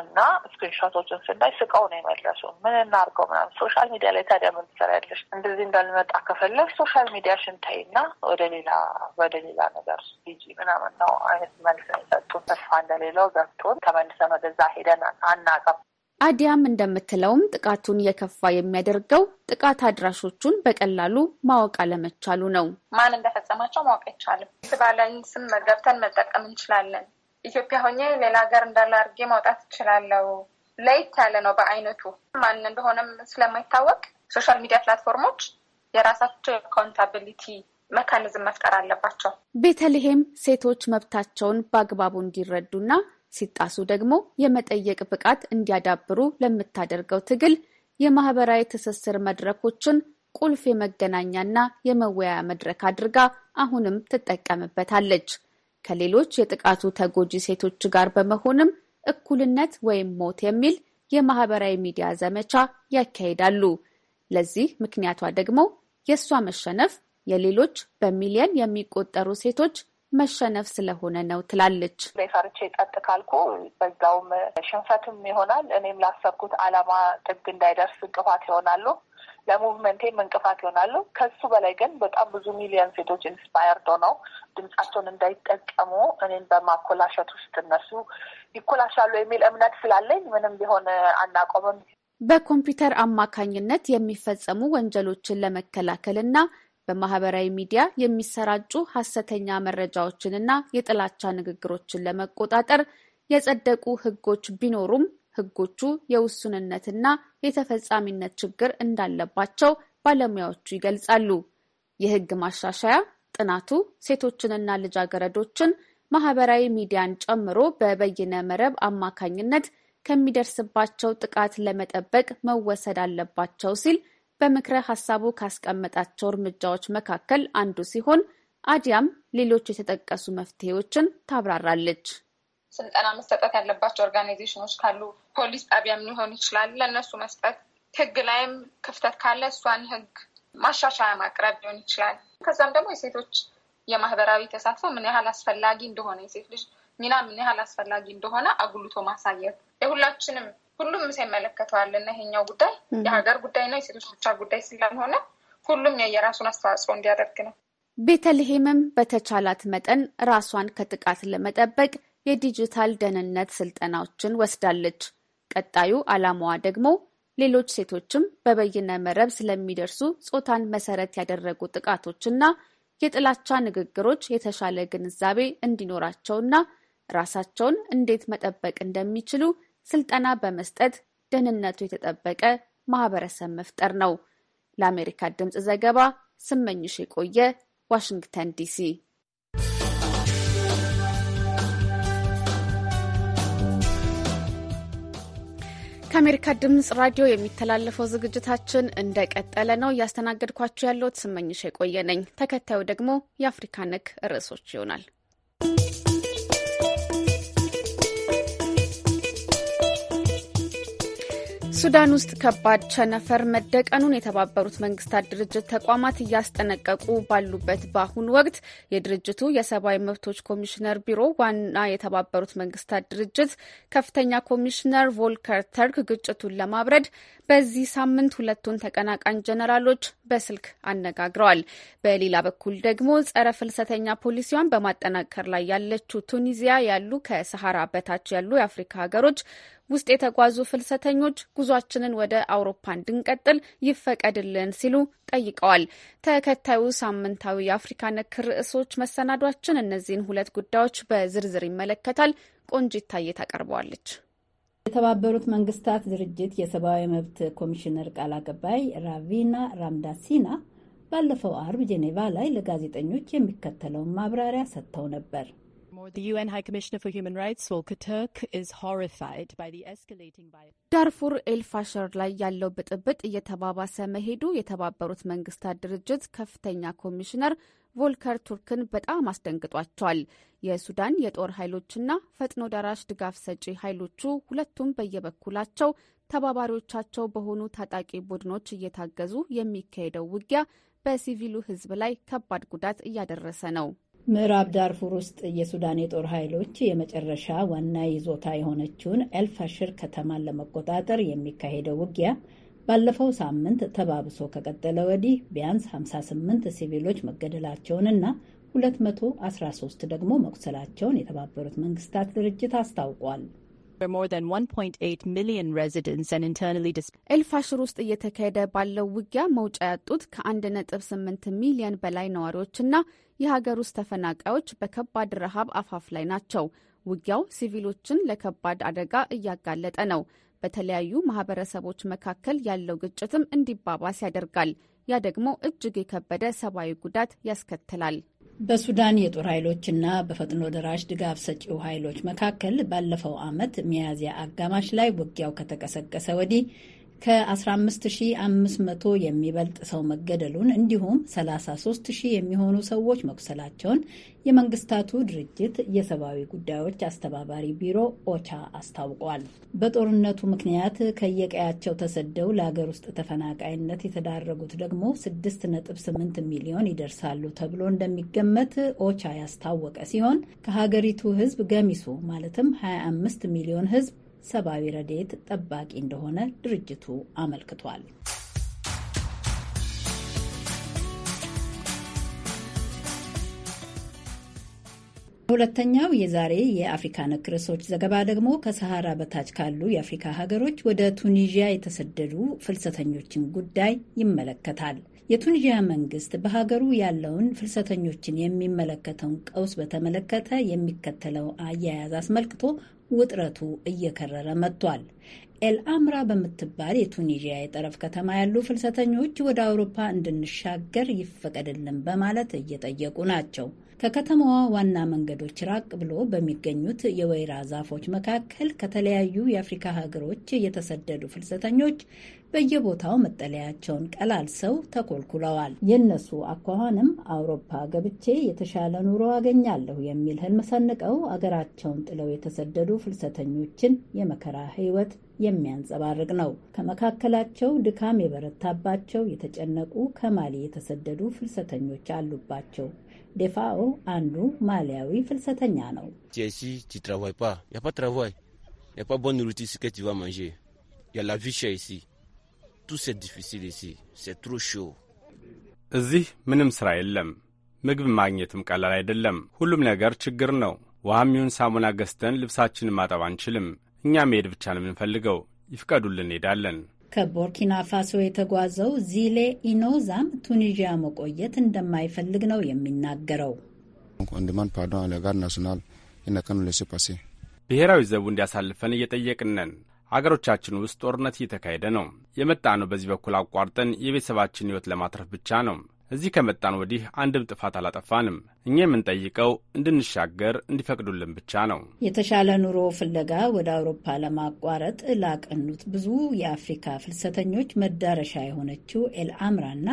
እና ስክሪንሾቶችን ስናይ ስቀው ነው የመለሱ። ምን እናርገው ምናምን ሶሻል ሚዲያ ላይ ታዲያ ምን ትሰሪያለሽ? እንደዚህ እንዳልመጣ ከፈለግ ሶሻል ሚዲያ ሽንታይ እና ወደ ሌላ ወደ ሌላ ነገር ሂጂ ምናምን ነው አይነት መልስ የሰጡን። ተስፋ እንደሌለው ገብቶን ተመልሰን ወደዛ ሄደን አናቀም። አዲያም እንደምትለውም ጥቃቱን የከፋ የሚያደርገው ጥቃት አድራሾቹን በቀላሉ ማወቅ አለመቻሉ ነው። ማን እንደፈጸማቸው ማወቅ አይቻልም። ባለን ስም ገብተን መጠቀም እንችላለን። ኢትዮጵያ ሆኜ ሌላ ሀገር እንዳለ አድርጌ ማውጣት እችላለሁ። ለየት ያለ ነው በአይነቱ ማን እንደሆነም ስለማይታወቅ ሶሻል ሚዲያ ፕላትፎርሞች የራሳቸው አካውንታቢሊቲ መካኒዝም መፍጠር አለባቸው። ቤተልሔም ሴቶች መብታቸውን በአግባቡ እንዲረዱና ሲጣሱ ደግሞ የመጠየቅ ብቃት እንዲያዳብሩ ለምታደርገው ትግል የማህበራዊ ትስስር መድረኮችን ቁልፍ የመገናኛና የመወያያ መድረክ አድርጋ አሁንም ትጠቀምበታለች። ከሌሎች የጥቃቱ ተጎጂ ሴቶች ጋር በመሆንም እኩልነት ወይም ሞት የሚል የማህበራዊ ሚዲያ ዘመቻ ያካሂዳሉ። ለዚህ ምክንያቷ ደግሞ የእሷ መሸነፍ የሌሎች በሚሊየን የሚቆጠሩ ሴቶች መሸነፍ ስለሆነ ነው ትላለች። ሬሰርቼ ጠጥ ካልኩ በዛውም ሽንፈትም ይሆናል። እኔም ላሰብኩት አላማ ጥግ እንዳይደርስ እንቅፋት ይሆናሉ። ለሙቭመንቴም እንቅፋት ይሆናሉ። ከሱ በላይ ግን በጣም ብዙ ሚሊዮን ሴቶች ኢንስፓየርድ ነው። ድምጻቸውን እንዳይጠቀሙ እኔን በማኮላሸት ውስጥ እነሱ ይኮላሻሉ የሚል እምነት ስላለኝ ምንም ቢሆን አናቆምም። በኮምፒውተር አማካኝነት የሚፈጸሙ ወንጀሎችን ለመከላከል እና በማህበራዊ ሚዲያ የሚሰራጩ ሀሰተኛ መረጃዎችንና የጥላቻ ንግግሮችን ለመቆጣጠር የጸደቁ ሕጎች ቢኖሩም ሕጎቹ የውሱንነትና የተፈጻሚነት ችግር እንዳለባቸው ባለሙያዎቹ ይገልጻሉ። የሕግ ማሻሻያ ጥናቱ ሴቶችንና ልጃገረዶችን ማህበራዊ ሚዲያን ጨምሮ በበይነ መረብ አማካኝነት ከሚደርስባቸው ጥቃት ለመጠበቅ መወሰድ አለባቸው ሲል በምክረ ሀሳቡ ካስቀመጣቸው እርምጃዎች መካከል አንዱ ሲሆን አዲያም ሌሎች የተጠቀሱ መፍትሄዎችን ታብራራለች። ስልጠና መሰጠት ያለባቸው ኦርጋናይዜሽኖች ካሉ ፖሊስ ጣቢያም ሊሆን ይችላል፣ ለእነሱ መስጠት፣ ህግ ላይም ክፍተት ካለ እሷን ህግ ማሻሻያ ማቅረብ ሊሆን ይችላል። ከዛም ደግሞ የሴቶች የማህበራዊ ተሳትፎ ምን ያህል አስፈላጊ እንደሆነ የሴት ልጅ ሚና ምን ያህል አስፈላጊ እንደሆነ አጉልቶ ማሳየት የሁላችንም ሁሉም ሲመለከተዋል እና ይሄኛው ጉዳይ የሀገር ነው፣ የሴቶች ብቻ ጉዳይ ስላልሆነ ሁሉም የየራሱን አስተዋጽኦ እንዲያደርግ ነው። ቤተልሔምም በተቻላት መጠን ራሷን ከጥቃት ለመጠበቅ የዲጂታል ደህንነት ስልጠናዎችን ወስዳለች። ቀጣዩ ዓላማዋ ደግሞ ሌሎች ሴቶችም በበይነ መረብ ስለሚደርሱ ጾታን መሰረት ያደረጉ ጥቃቶችና የጥላቻ ንግግሮች የተሻለ ግንዛቤ እንዲኖራቸውና ራሳቸውን እንዴት መጠበቅ እንደሚችሉ ስልጠና በመስጠት ደህንነቱ የተጠበቀ ማህበረሰብ መፍጠር ነው። ለአሜሪካ ድምፅ ዘገባ ስመኝሽ የቆየ ዋሽንግተን ዲሲ። ከአሜሪካ ድምፅ ራዲዮ የሚተላለፈው ዝግጅታችን እንደቀጠለ ነው። እያስተናገድኳችሁ ያለሁት ስመኝሽ የቆየ ነኝ። ተከታዩ ደግሞ የአፍሪካ ነክ ርዕሶች ይሆናል። ሱዳን ውስጥ ከባድ ቸነፈር መደቀኑን የተባበሩት መንግስታት ድርጅት ተቋማት እያስጠነቀቁ ባሉበት በአሁኑ ወቅት የድርጅቱ የሰብአዊ መብቶች ኮሚሽነር ቢሮ ዋና የተባበሩት መንግስታት ድርጅት ከፍተኛ ኮሚሽነር ቮልከር ተርክ ግጭቱን ለማብረድ በዚህ ሳምንት ሁለቱን ተቀናቃኝ ጀነራሎች በስልክ አነጋግረዋል። በሌላ በኩል ደግሞ ጸረ ፍልሰተኛ ፖሊሲዋን በማጠናከር ላይ ያለችው ቱኒዚያ ያሉ ከሰሐራ በታች ያሉ የአፍሪካ ሀገሮች ውስጥ የተጓዙ ፍልሰተኞች ጉዟችንን ወደ አውሮፓ እንድንቀጥል ይፈቀድልን ሲሉ ጠይቀዋል። ተከታዩ ሳምንታዊ የአፍሪካ ነክ ርዕሶች መሰናዷችን እነዚህን ሁለት ጉዳዮች በዝርዝር ይመለከታል። ቆንጂት ታዬ ታቀርበዋለች። የተባበሩት መንግስታት ድርጅት የሰብአዊ መብት ኮሚሽነር ቃል አቀባይ ራቪና ራምዳሲና ባለፈው አርብ ጄኔቫ ላይ ለጋዜጠኞች የሚከተለውን ማብራሪያ ሰጥተው ነበር። ዳርፉር ኤልፋሸር ላይ ያለው ብጥብጥ እየተባባሰ መሄዱ የተባበሩት መንግስታት ድርጅት ከፍተኛ ኮሚሽነር ቮልከር ቱርክን በጣም አስደንግጧቸዋል። የሱዳን የጦር ኃይሎችና ፈጥኖ ደራሽ ድጋፍ ሰጪ ኃይሎቹ ሁለቱም በየበኩላቸው ተባባሪዎቻቸው በሆኑ ታጣቂ ቡድኖች እየታገዙ የሚካሄደው ውጊያ በሲቪሉ ሕዝብ ላይ ከባድ ጉዳት እያደረሰ ነው። ምዕራብ ዳርፉር ውስጥ የሱዳን የጦር ኃይሎች የመጨረሻ ዋና ይዞታ የሆነችውን ኤልፋሽር ከተማን ለመቆጣጠር የሚካሄደው ውጊያ ባለፈው ሳምንት ተባብሶ ከቀጠለ ወዲህ ቢያንስ 58 ሲቪሎች መገደላቸውንና 213 ደግሞ መቁሰላቸውን የተባበሩት መንግስታት ድርጅት አስታውቋል። ኤልፋሽር ውስጥ እየተካሄደ ባለው ውጊያ መውጫ ያጡት ከ1.8 ሚሊዮን በላይ ነዋሪዎችና የሀገር ውስጥ ተፈናቃዮች በከባድ ረሃብ አፋፍ ላይ ናቸው። ውጊያው ሲቪሎችን ለከባድ አደጋ እያጋለጠ ነው። በተለያዩ ማህበረሰቦች መካከል ያለው ግጭትም እንዲባባስ ያደርጋል። ያ ደግሞ እጅግ የከበደ ሰብአዊ ጉዳት ያስከትላል። በሱዳን የጦር ኃይሎችና በፈጥኖ ደራሽ ድጋፍ ሰጪው ኃይሎች መካከል ባለፈው ዓመት ሚያዝያ አጋማሽ ላይ ውጊያው ከተቀሰቀሰ ወዲህ ከ15500 የሚበልጥ ሰው መገደሉን እንዲሁም 33000 የሚሆኑ ሰዎች መቁሰላቸውን የመንግስታቱ ድርጅት የሰብአዊ ጉዳዮች አስተባባሪ ቢሮ ኦቻ አስታውቋል። በጦርነቱ ምክንያት ከየቀያቸው ተሰደው ለሀገር ውስጥ ተፈናቃይነት የተዳረጉት ደግሞ 6.8 ሚሊዮን ይደርሳሉ ተብሎ እንደሚገመት ኦቻ ያስታወቀ ሲሆን ከሀገሪቱ ሕዝብ ገሚሱ ማለትም 25 ሚሊዮን ሕዝብ ሰብአዊ ረድኤት ጠባቂ እንደሆነ ድርጅቱ አመልክቷል። ሁለተኛው የዛሬ የአፍሪካ ነክ ርዕሶች ዘገባ ደግሞ ከሰሃራ በታች ካሉ የአፍሪካ ሀገሮች ወደ ቱኒዥያ የተሰደዱ ፍልሰተኞችን ጉዳይ ይመለከታል። የቱኒዥያ መንግስት በሀገሩ ያለውን ፍልሰተኞችን የሚመለከተውን ቀውስ በተመለከተ የሚከተለው አያያዝ አስመልክቶ ውጥረቱ እየከረረ መጥቷል። ኤልአምራ በምትባል የቱኒዥያ የጠረፍ ከተማ ያሉ ፍልሰተኞች ወደ አውሮፓ እንድንሻገር ይፈቀድልን በማለት እየጠየቁ ናቸው። ከከተማዋ ዋና መንገዶች ራቅ ብሎ በሚገኙት የወይራ ዛፎች መካከል ከተለያዩ የአፍሪካ ሀገሮች የተሰደዱ ፍልሰተኞች በየቦታው መጠለያቸውን ቀላልሰው ተኮልኩለዋል። የእነሱ አኳኋንም አውሮፓ ገብቼ የተሻለ ኑሮ አገኛለሁ የሚል ህልም ሰንቀው አገራቸውን ጥለው የተሰደዱ ፍልሰተኞችን የመከራ ህይወት የሚያንጸባርቅ ነው። ከመካከላቸው ድካም የበረታባቸው የተጨነቁ ከማሊ የተሰደዱ ፍልሰተኞች አሉባቸው። ዴፋኦ አንዱ ማሊያዊ ፍልሰተኛ ነው። እዚህ ምንም ሥራ የለም። ምግብ ማግኘትም ቀላል አይደለም። ሁሉም ነገር ችግር ነው። ውሃም ይሁን ሳሙና ገዝተን ልብሳችንን ማጠብ አንችልም። እኛ መሄድ ብቻ ነው የምንፈልገው። ይፍቀዱልን፣ እንሄዳለን። ከቦርኪና ፋሶ የተጓዘው ዚሌ ኢኖዛም ቱኒዥያ መቆየት እንደማይፈልግ ነው የሚናገረው። ብሔራዊ ዘቡ እንዲያሳልፈን እየጠየቅነን አገሮቻችን ውስጥ ጦርነት እየተካሄደ ነው። የመጣ ነው በዚህ በኩል አቋርጠን የቤተሰባችን ሕይወት ለማትረፍ ብቻ ነው። እዚህ ከመጣን ወዲህ አንድም ጥፋት አላጠፋንም። እኛ የምንጠይቀው እንድንሻገር እንዲፈቅዱልን ብቻ ነው። የተሻለ ኑሮ ፍለጋ ወደ አውሮፓ ለማቋረጥ ላቀኑት ብዙ የአፍሪካ ፍልሰተኞች መዳረሻ የሆነችው ኤልአምራና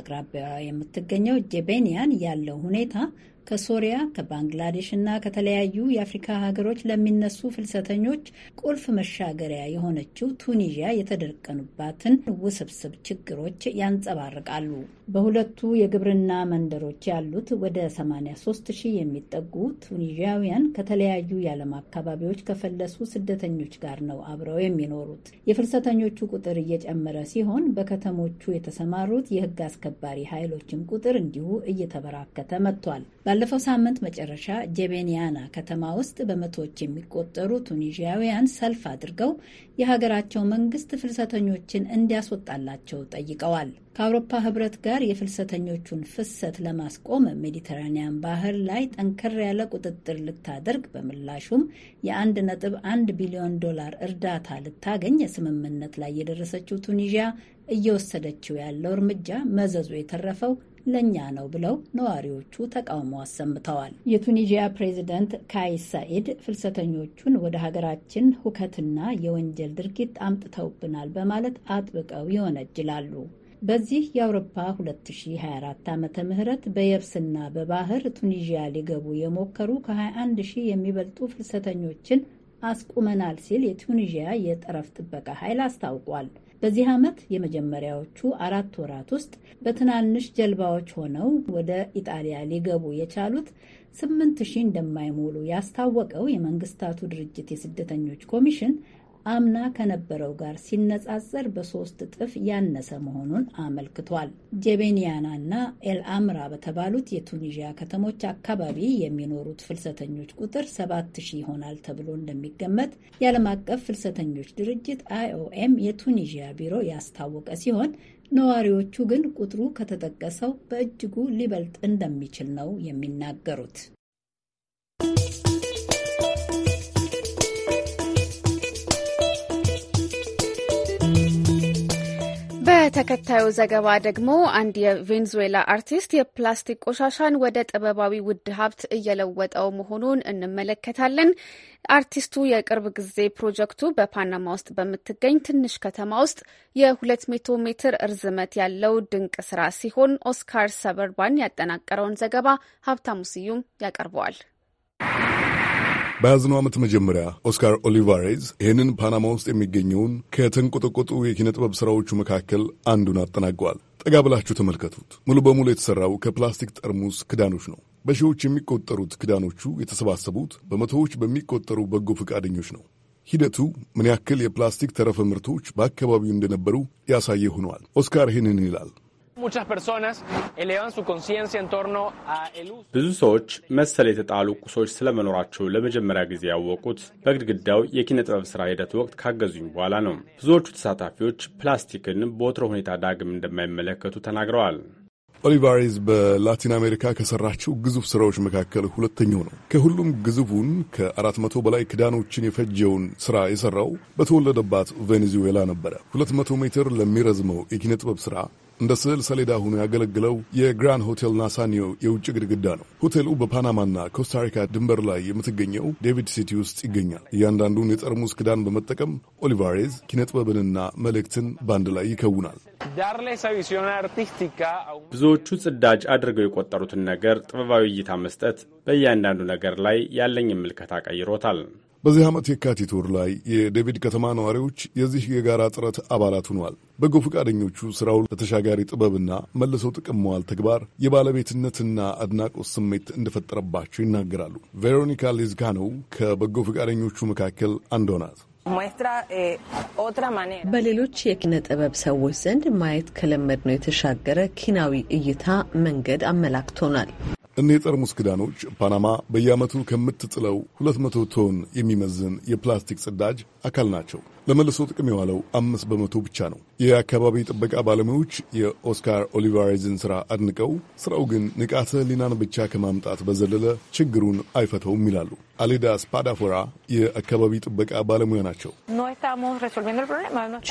አቅራቢያዋ የምትገኘው ጄቤንያን ያለው ሁኔታ ከሶሪያ ከባንግላዴሽ እና ከተለያዩ የአፍሪካ ሀገሮች ለሚነሱ ፍልሰተኞች ቁልፍ መሻገሪያ የሆነችው ቱኒዥያ የተደቀኑባትን ውስብስብ ችግሮች ያንጸባርቃሉ። በሁለቱ የግብርና መንደሮች ያሉት ወደ 83 ሺህ የሚጠጉ ቱኒዥያውያን ከተለያዩ የዓለም አካባቢዎች ከፈለሱ ስደተኞች ጋር ነው አብረው የሚኖሩት። የፍልሰተኞቹ ቁጥር እየጨመረ ሲሆን በከተሞቹ የተሰማሩት የሕግ አስከባሪ ኃይሎችም ቁጥር እንዲሁ እየተበራከተ መጥቷል። ባለፈው ሳምንት መጨረሻ ጀቤንያና ከተማ ውስጥ በመቶዎች የሚቆጠሩ ቱኒዥያውያን ሰልፍ አድርገው የሀገራቸው መንግስት ፍልሰተኞችን እንዲያስወጣላቸው ጠይቀዋል። ከአውሮፓ ህብረት ጋር የፍልሰተኞቹን ፍሰት ለማስቆም ሜዲተራኒያን ባህር ላይ ጠንከር ያለ ቁጥጥር ልታደርግ፣ በምላሹም የአንድ ነጥብ አንድ ቢሊዮን ዶላር እርዳታ ልታገኝ ስምምነት ላይ የደረሰችው ቱኒዥያ እየወሰደችው ያለው እርምጃ መዘዙ የተረፈው ለእኛ ነው ብለው ነዋሪዎቹ ተቃውሞ አሰምተዋል። የቱኒዥያ ፕሬዚደንት ካይስ ሳኢድ ፍልሰተኞቹን ወደ ሀገራችን ሁከትና የወንጀል ድርጊት አምጥተውብናል በማለት አጥብቀው ይወነጅላሉ። በዚህ የአውሮፓ 2024 ዓ ም በየብስና በባህር ቱኒዥያ ሊገቡ የሞከሩ ከ21 ሺህ የሚበልጡ ፍልሰተኞችን አስቁመናል ሲል የቱኒዥያ የጠረፍ ጥበቃ ኃይል አስታውቋል። በዚህ ዓመት የመጀመሪያዎቹ አራት ወራት ውስጥ በትናንሽ ጀልባዎች ሆነው ወደ ኢጣሊያ ሊገቡ የቻሉት ስምንት ሺህ እንደማይሞሉ ያስታወቀው የመንግስታቱ ድርጅት የስደተኞች ኮሚሽን አምና ከነበረው ጋር ሲነጻጸር በሶስት እጥፍ ያነሰ መሆኑን አመልክቷል። ጀቤንያና እና ኤልአምራ በተባሉት የቱኒዥያ ከተሞች አካባቢ የሚኖሩት ፍልሰተኞች ቁጥር 7000 ይሆናል ተብሎ እንደሚገመት የዓለም አቀፍ ፍልሰተኞች ድርጅት አይኦኤም የቱኒዥያ ቢሮ ያስታወቀ ሲሆን ነዋሪዎቹ ግን ቁጥሩ ከተጠቀሰው በእጅጉ ሊበልጥ እንደሚችል ነው የሚናገሩት። ከተከታዩ ዘገባ ደግሞ አንድ የቬንዙዌላ አርቲስት የፕላስቲክ ቆሻሻን ወደ ጥበባዊ ውድ ሀብት እየለወጠው መሆኑን እንመለከታለን። አርቲስቱ የቅርብ ጊዜ ፕሮጀክቱ በፓናማ ውስጥ በምትገኝ ትንሽ ከተማ ውስጥ የ200 ሜትር እርዝመት ያለው ድንቅ ስራ ሲሆን ኦስካር ሰበርባን ያጠናቀረውን ዘገባ ሀብታሙ ስዩም ያቀርበዋል። በያዝነው ዓመት መጀመሪያ ኦስካር ኦሊቫሬዝ ይህንን ፓናማ ውስጥ የሚገኘውን ከተንቆጠቆጡ የኪነ ጥበብ ሥራዎቹ መካከል አንዱን አጠናቀዋል። ጠጋ ብላችሁ ተመልከቱት። ሙሉ በሙሉ የተሠራው ከፕላስቲክ ጠርሙስ ክዳኖች ነው። በሺዎች የሚቆጠሩት ክዳኖቹ የተሰባሰቡት በመቶዎች በሚቆጠሩ በጎ ፈቃደኞች ነው። ሂደቱ ምን ያክል የፕላስቲክ ተረፈ ምርቶች በአካባቢው እንደነበሩ ያሳየ ሆኗል። ኦስካር ይህንን ይላል። ብዙ ሰዎች መሰል የተጣሉ ቁሶች ስለመኖራቸው ለመጀመሪያ ጊዜ ያወቁት በግድግዳው የኪነ ጥበብ ስራ ሂደት ወቅት ካገዙኝ በኋላ ነው። ብዙዎቹ ተሳታፊዎች ፕላስቲክን በወትሮ ሁኔታ ዳግም እንደማይመለከቱ ተናግረዋል። ኦሊቫሬዝ በላቲን አሜሪካ ከሰራቸው ግዙፍ ስራዎች መካከል ሁለተኛው ነው። ከሁሉም ግዙፉን ከአራት መቶ በላይ ክዳኖችን የፈጀውን ስራ የሰራው በተወለደባት ቬኔዙዌላ ነበረ። ሁለት መቶ ሜትር ለሚረዝመው የኪነ ጥበብ ስራ እንደ ስዕል ሰሌዳ ሆኖ ያገለግለው የግራን ሆቴል ናሳኒዮ የውጭ ግድግዳ ነው። ሆቴሉ በፓናማና ኮስታሪካ ድንበር ላይ የምትገኘው ዴቪድ ሲቲ ውስጥ ይገኛል። እያንዳንዱን የጠርሙስ ክዳን በመጠቀም ኦሊቫሬዝ ኪነጥበብንና መልእክትን በአንድ ላይ ይከውናል። ብዙዎቹ ጽዳጅ አድርገው የቆጠሩትን ነገር ጥበባዊ እይታ መስጠት በእያንዳንዱ ነገር ላይ ያለኝን ምልከታ ቀይሮታል። በዚህ ዓመት የካቲት ወር ላይ የዴቪድ ከተማ ነዋሪዎች የዚህ የጋራ ጥረት አባላት ሆኗል። በጎ ፈቃደኞቹ ስራው ለተሻጋሪ ጥበብና መልሰው ጥቅም መዋል ተግባር የባለቤትነትና አድናቆት ስሜት እንደፈጠረባቸው ይናገራሉ። ቬሮኒካ ሌዝካኖው ከበጎ ፈቃደኞቹ መካከል አንዷ ናት። eh, በሌሎች የኪነ ጥበብ ሰዎች ዘንድ ማየት ከለመድነው የተሻገረ ኪናዊ እይታ መንገድ አመላክቶናል። እኒህ የጠርሙስ ክዳኖች ፓናማ በየዓመቱ ከምትጥለው 200 ቶን የሚመዝን የፕላስቲክ ጽዳጅ አካል ናቸው። ለመልሶ ጥቅም የዋለው አምስት በመቶ ብቻ ነው። የአካባቢ ጥበቃ ባለሙያዎች የኦስካር ኦሊቫሬዝን ሥራ አድንቀው ሥራው ግን ንቃተ ሊናን ብቻ ከማምጣት በዘለለ ችግሩን አይፈተውም ይላሉ። አሌዳ ስፓዳፎራ የአካባቢ ጥበቃ ባለሙያ ናቸው።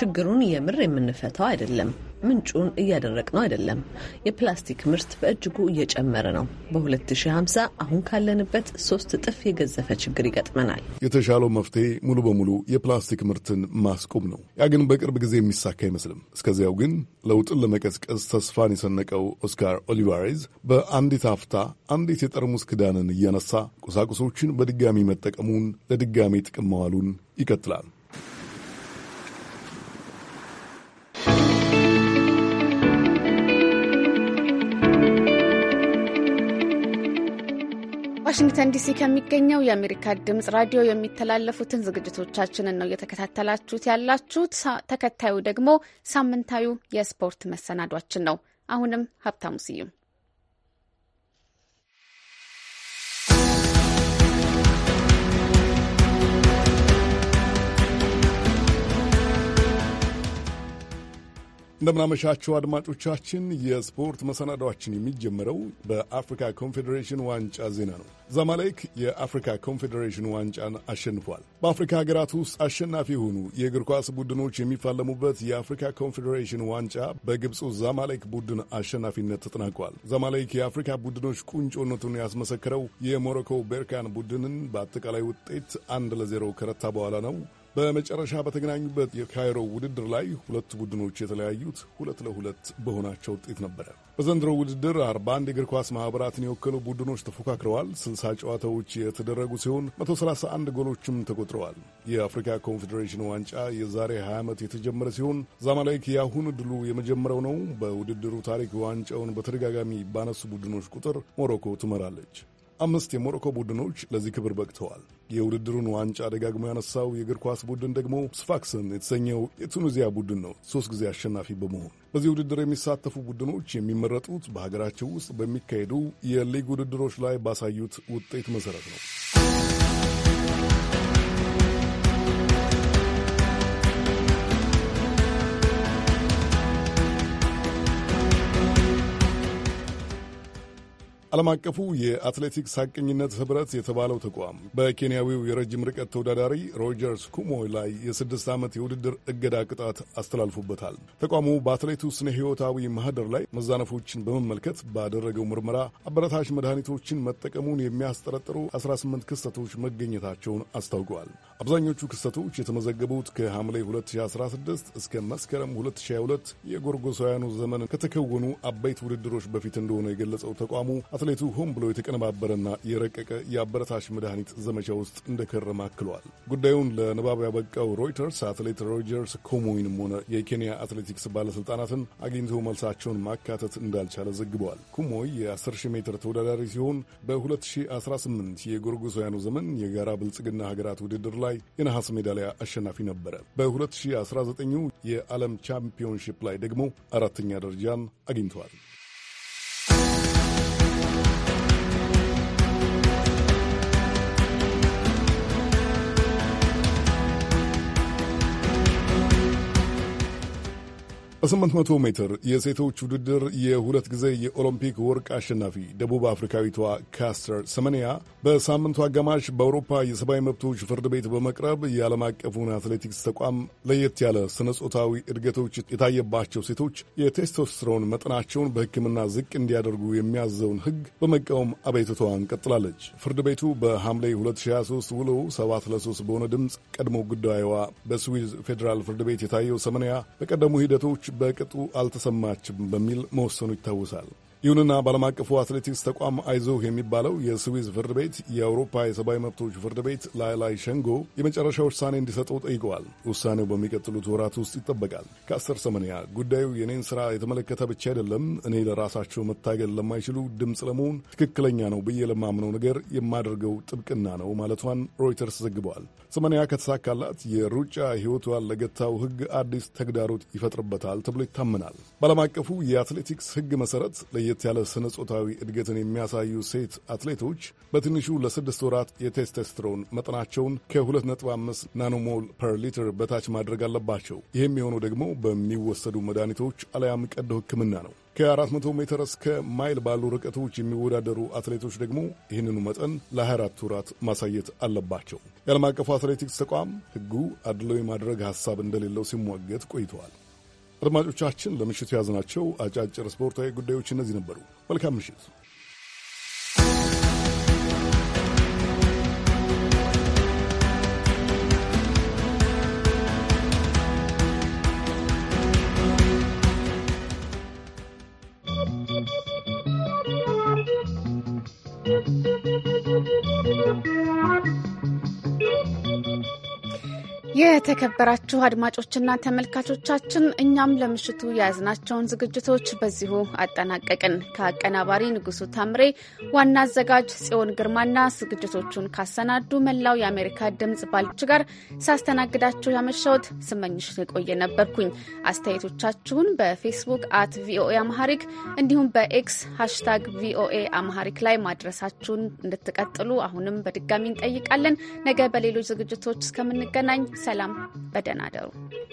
ችግሩን የምር የምንፈታው አይደለም ምንጩን እያደረቅ ነው አይደለም። የፕላስቲክ ምርት በእጅጉ እየጨመረ ነው። በ2050 አሁን ካለንበት ሶስት እጥፍ የገዘፈ ችግር ይገጥመናል። የተሻለው መፍትሄ ሙሉ በሙሉ የፕላስቲክ ምርትን ማስቆም ነው። ያ ግን በቅርብ ጊዜ የሚሳካ አይመስልም። እስከዚያው ግን ለውጥን ለመቀስቀስ ተስፋን የሰነቀው ኦስካር ኦሊቫሬዝ በአንዲት አፍታ አንዲት የጠርሙስ ክዳንን እያነሳ ቁሳቁሶችን በድጋሚ መጠቀሙን ለድጋሚ ጥቅም መዋሉን ይቀጥላል። ዋሽንግተን ዲሲ ከሚገኘው የአሜሪካ ድምጽ ራዲዮ የሚተላለፉትን ዝግጅቶቻችንን ነው እየተከታተላችሁት ያላችሁት። ተከታዩ ደግሞ ሳምንታዊ የስፖርት መሰናዷችን ነው። አሁንም ሀብታሙ ስዩም እንደምናመሻቸው አድማጮቻችን፣ የስፖርት መሰናዷችን የሚጀምረው በአፍሪካ ኮንፌዴሬሽን ዋንጫ ዜና ነው። ዛማላይክ የአፍሪካ ኮንፌዴሬሽን ዋንጫን አሸንፏል። በአፍሪካ ሀገራት ውስጥ አሸናፊ የሆኑ የእግር ኳስ ቡድኖች የሚፋለሙበት የአፍሪካ ኮንፌዴሬሽን ዋንጫ በግብፁ ዛማሌክ ቡድን አሸናፊነት ተጠናቋል። ዛማሌክ የአፍሪካ ቡድኖች ቁንጮነቱን ያስመሰክረው የሞሮኮ ቤርካን ቡድንን በአጠቃላይ ውጤት አንድ ለዜሮ ከረታ በኋላ ነው። በመጨረሻ በተገናኙበት የካይሮ ውድድር ላይ ሁለቱ ቡድኖች የተለያዩት ሁለት ለሁለት በሆናቸው ውጤት ነበረ። በዘንድሮ ውድድር 41 የእግር ኳስ ማኅበራትን የወከሉ ቡድኖች ተፎካክረዋል። 60 ጨዋታዎች የተደረጉ ሲሆን 131 ጎሎችም ተቆጥረዋል። የአፍሪካ ኮንፌዴሬሽን ዋንጫ የዛሬ 20 ዓመት የተጀመረ ሲሆን ዛማላይክ የአሁኑ ድሉ የመጀመረው ነው። በውድድሩ ታሪክ ዋንጫውን በተደጋጋሚ ባነሱ ቡድኖች ቁጥር ሞሮኮ ትመራለች። አምስት የሞሮኮ ቡድኖች ለዚህ ክብር በቅተዋል። የውድድሩን ዋንጫ ደጋግሞ ያነሳው የእግር ኳስ ቡድን ደግሞ ስፋክስን የተሰኘው የቱኒዚያ ቡድን ነው ሶስት ጊዜ አሸናፊ በመሆን በዚህ ውድድር የሚሳተፉ ቡድኖች የሚመረጡት በሀገራቸው ውስጥ በሚካሄዱ የሊግ ውድድሮች ላይ ባሳዩት ውጤት መሠረት ነው። ዓለም አቀፉ የአትሌቲክስ ሐቀኝነት ኅብረት የተባለው ተቋም በኬንያዊው የረጅም ርቀት ተወዳዳሪ ሮጀርስ ኩሞ ላይ የስድስት ዓመት የውድድር እገዳ ቅጣት አስተላልፎበታል። ተቋሙ በአትሌቱ ስነ ሕይወታዊ ማኅደር ላይ መዛነፎችን በመመልከት ባደረገው ምርመራ አበረታች መድኃኒቶችን መጠቀሙን የሚያስጠረጥሩ 18 ክስተቶች መገኘታቸውን አስታውቀዋል። አብዛኞቹ ክስተቶች የተመዘገቡት ከሐምሌ 2016 እስከ መስከረም 2022 የጎርጎሳውያኑ ዘመን ከተከወኑ አበይት ውድድሮች በፊት እንደሆነ የገለጸው ተቋሙ አትሌቱ ሆን ብሎ የተቀነባበረና የረቀቀ የአበረታሽ መድኃኒት ዘመቻ ውስጥ እንደከረመ አክሏል። ጉዳዩን ለንባብ ያበቃው ሮይተርስ አትሌት ሮጀርስ ኮሞይንም ሆነ የኬንያ አትሌቲክስ ባለሥልጣናትን አግኝቶ መልሳቸውን ማካተት እንዳልቻለ ዘግበዋል። ኮሞይ የ10 ሜትር ተወዳዳሪ ሲሆን በ2018 የጎርጎሳውያኑ ዘመን የጋራ ብልጽግና ሀገራት ውድድር ላይ የነሐስ ሜዳሊያ አሸናፊ ነበረ። በ2019 የዓለም ቻምፒዮንሺፕ ላይ ደግሞ አራተኛ ደረጃን አግኝተዋል። በ800 ሜትር የሴቶች ውድድር የሁለት ጊዜ የኦሎምፒክ ወርቅ አሸናፊ ደቡብ አፍሪካዊቷ ካስተር ሰመንያ በሳምንቱ አጋማሽ በአውሮፓ የሰብአዊ መብቶች ፍርድ ቤት በመቅረብ የዓለም አቀፉን አትሌቲክስ ተቋም ለየት ያለ ስነ ጾታዊ እድገቶች የታየባቸው ሴቶች የቴስቶስትሮን መጠናቸውን በሕክምና ዝቅ እንዲያደርጉ የሚያዘውን ሕግ በመቃወም አቤቱታዋን ቀጥላለች። ፍርድ ቤቱ በሐምሌ 2023 ውሎ 7 ለ3 በሆነ ድምፅ ቀድሞ ጉዳዩዋ በስዊዝ ፌዴራል ፍርድ ቤት የታየው ሰመንያ በቀደሙ ሂደቶች በቅጡ አልተሰማችም በሚል መወሰኑ ይታወሳል። ይሁንና በዓለም አቀፉ አትሌቲክስ ተቋም አይዞህ የሚባለው የስዊዝ ፍርድ ቤት የአውሮፓ የሰብአዊ መብቶች ፍርድ ቤት ላይላይ ሸንጎ የመጨረሻ ውሳኔ እንዲሰጠው ጠይቀዋል። ውሳኔው በሚቀጥሉት ወራት ውስጥ ይጠበቃል። ከአስር ሰመንያ ጉዳዩ የኔን ስራ የተመለከተ ብቻ አይደለም፣ እኔ ለራሳቸው መታገል ለማይችሉ ድምፅ ለመሆን ትክክለኛ ነው ብዬ ለማምነው ነገር የማደርገው ጥብቅና ነው ማለቷን ሮይተርስ ዘግበዋል። ሰመንያ ከተሳካላት የሩጫ ሕይወቷን ለገታው ሕግ አዲስ ተግዳሮት ይፈጥርበታል ተብሎ ይታመናል። በዓለም አቀፉ የአትሌቲክስ ሕግ መሠረት ለየት ያለ ስነ ጾታዊ እድገትን የሚያሳዩ ሴት አትሌቶች በትንሹ ለስድስት ወራት የቴስቴስትሮን መጠናቸውን ከ2.5 ናኖሞል ፐር ሊትር በታች ማድረግ አለባቸው። ይህም የሚሆነው ደግሞ በሚወሰዱ መድኃኒቶች አለያም ቀዶ ሕክምና ነው። ከ400 ሜትር እስከ ማይል ባሉ ርቀቶች የሚወዳደሩ አትሌቶች ደግሞ ይህንኑ መጠን ለ24 ወራት ማሳየት አለባቸው። የዓለም አቀፉ አትሌቲክስ ተቋም ሕጉ አድሎ የማድረግ ሐሳብ እንደሌለው ሲሟገት ቆይተዋል። አድማጮቻችን ለምሽቱ የያዝናቸው አጫጭር ስፖርታዊ ጉዳዮች እነዚህ ነበሩ። መልካም ምሽት። የተከበራችሁ አድማጮችና ተመልካቾቻችን እኛም ለምሽቱ የያዝናቸውን ዝግጅቶች በዚሁ አጠናቀቅን። ከአቀናባሪ ንጉሱ ታምሬ፣ ዋና አዘጋጅ ጽዮን ግርማና ዝግጅቶቹን ካሰናዱ መላው የአሜሪካ ድምጽ ባልች ጋር ሳስተናግዳችሁ ያመሻውት ስመኝሽ የቆየ ነበርኩኝ። አስተያየቶቻችሁን በፌስቡክ አት ቪኦኤ አምሃሪክ እንዲሁም በኤክስ ሃሽታግ ቪኦኤ አምሃሪክ ላይ ማድረሳችሁን እንድትቀጥሉ አሁንም በድጋሚ እንጠይቃለን። ነገ በሌሎች ዝግጅቶች እስከምንገናኝ ሰላም ሰላም፣ በደህና አደሩ።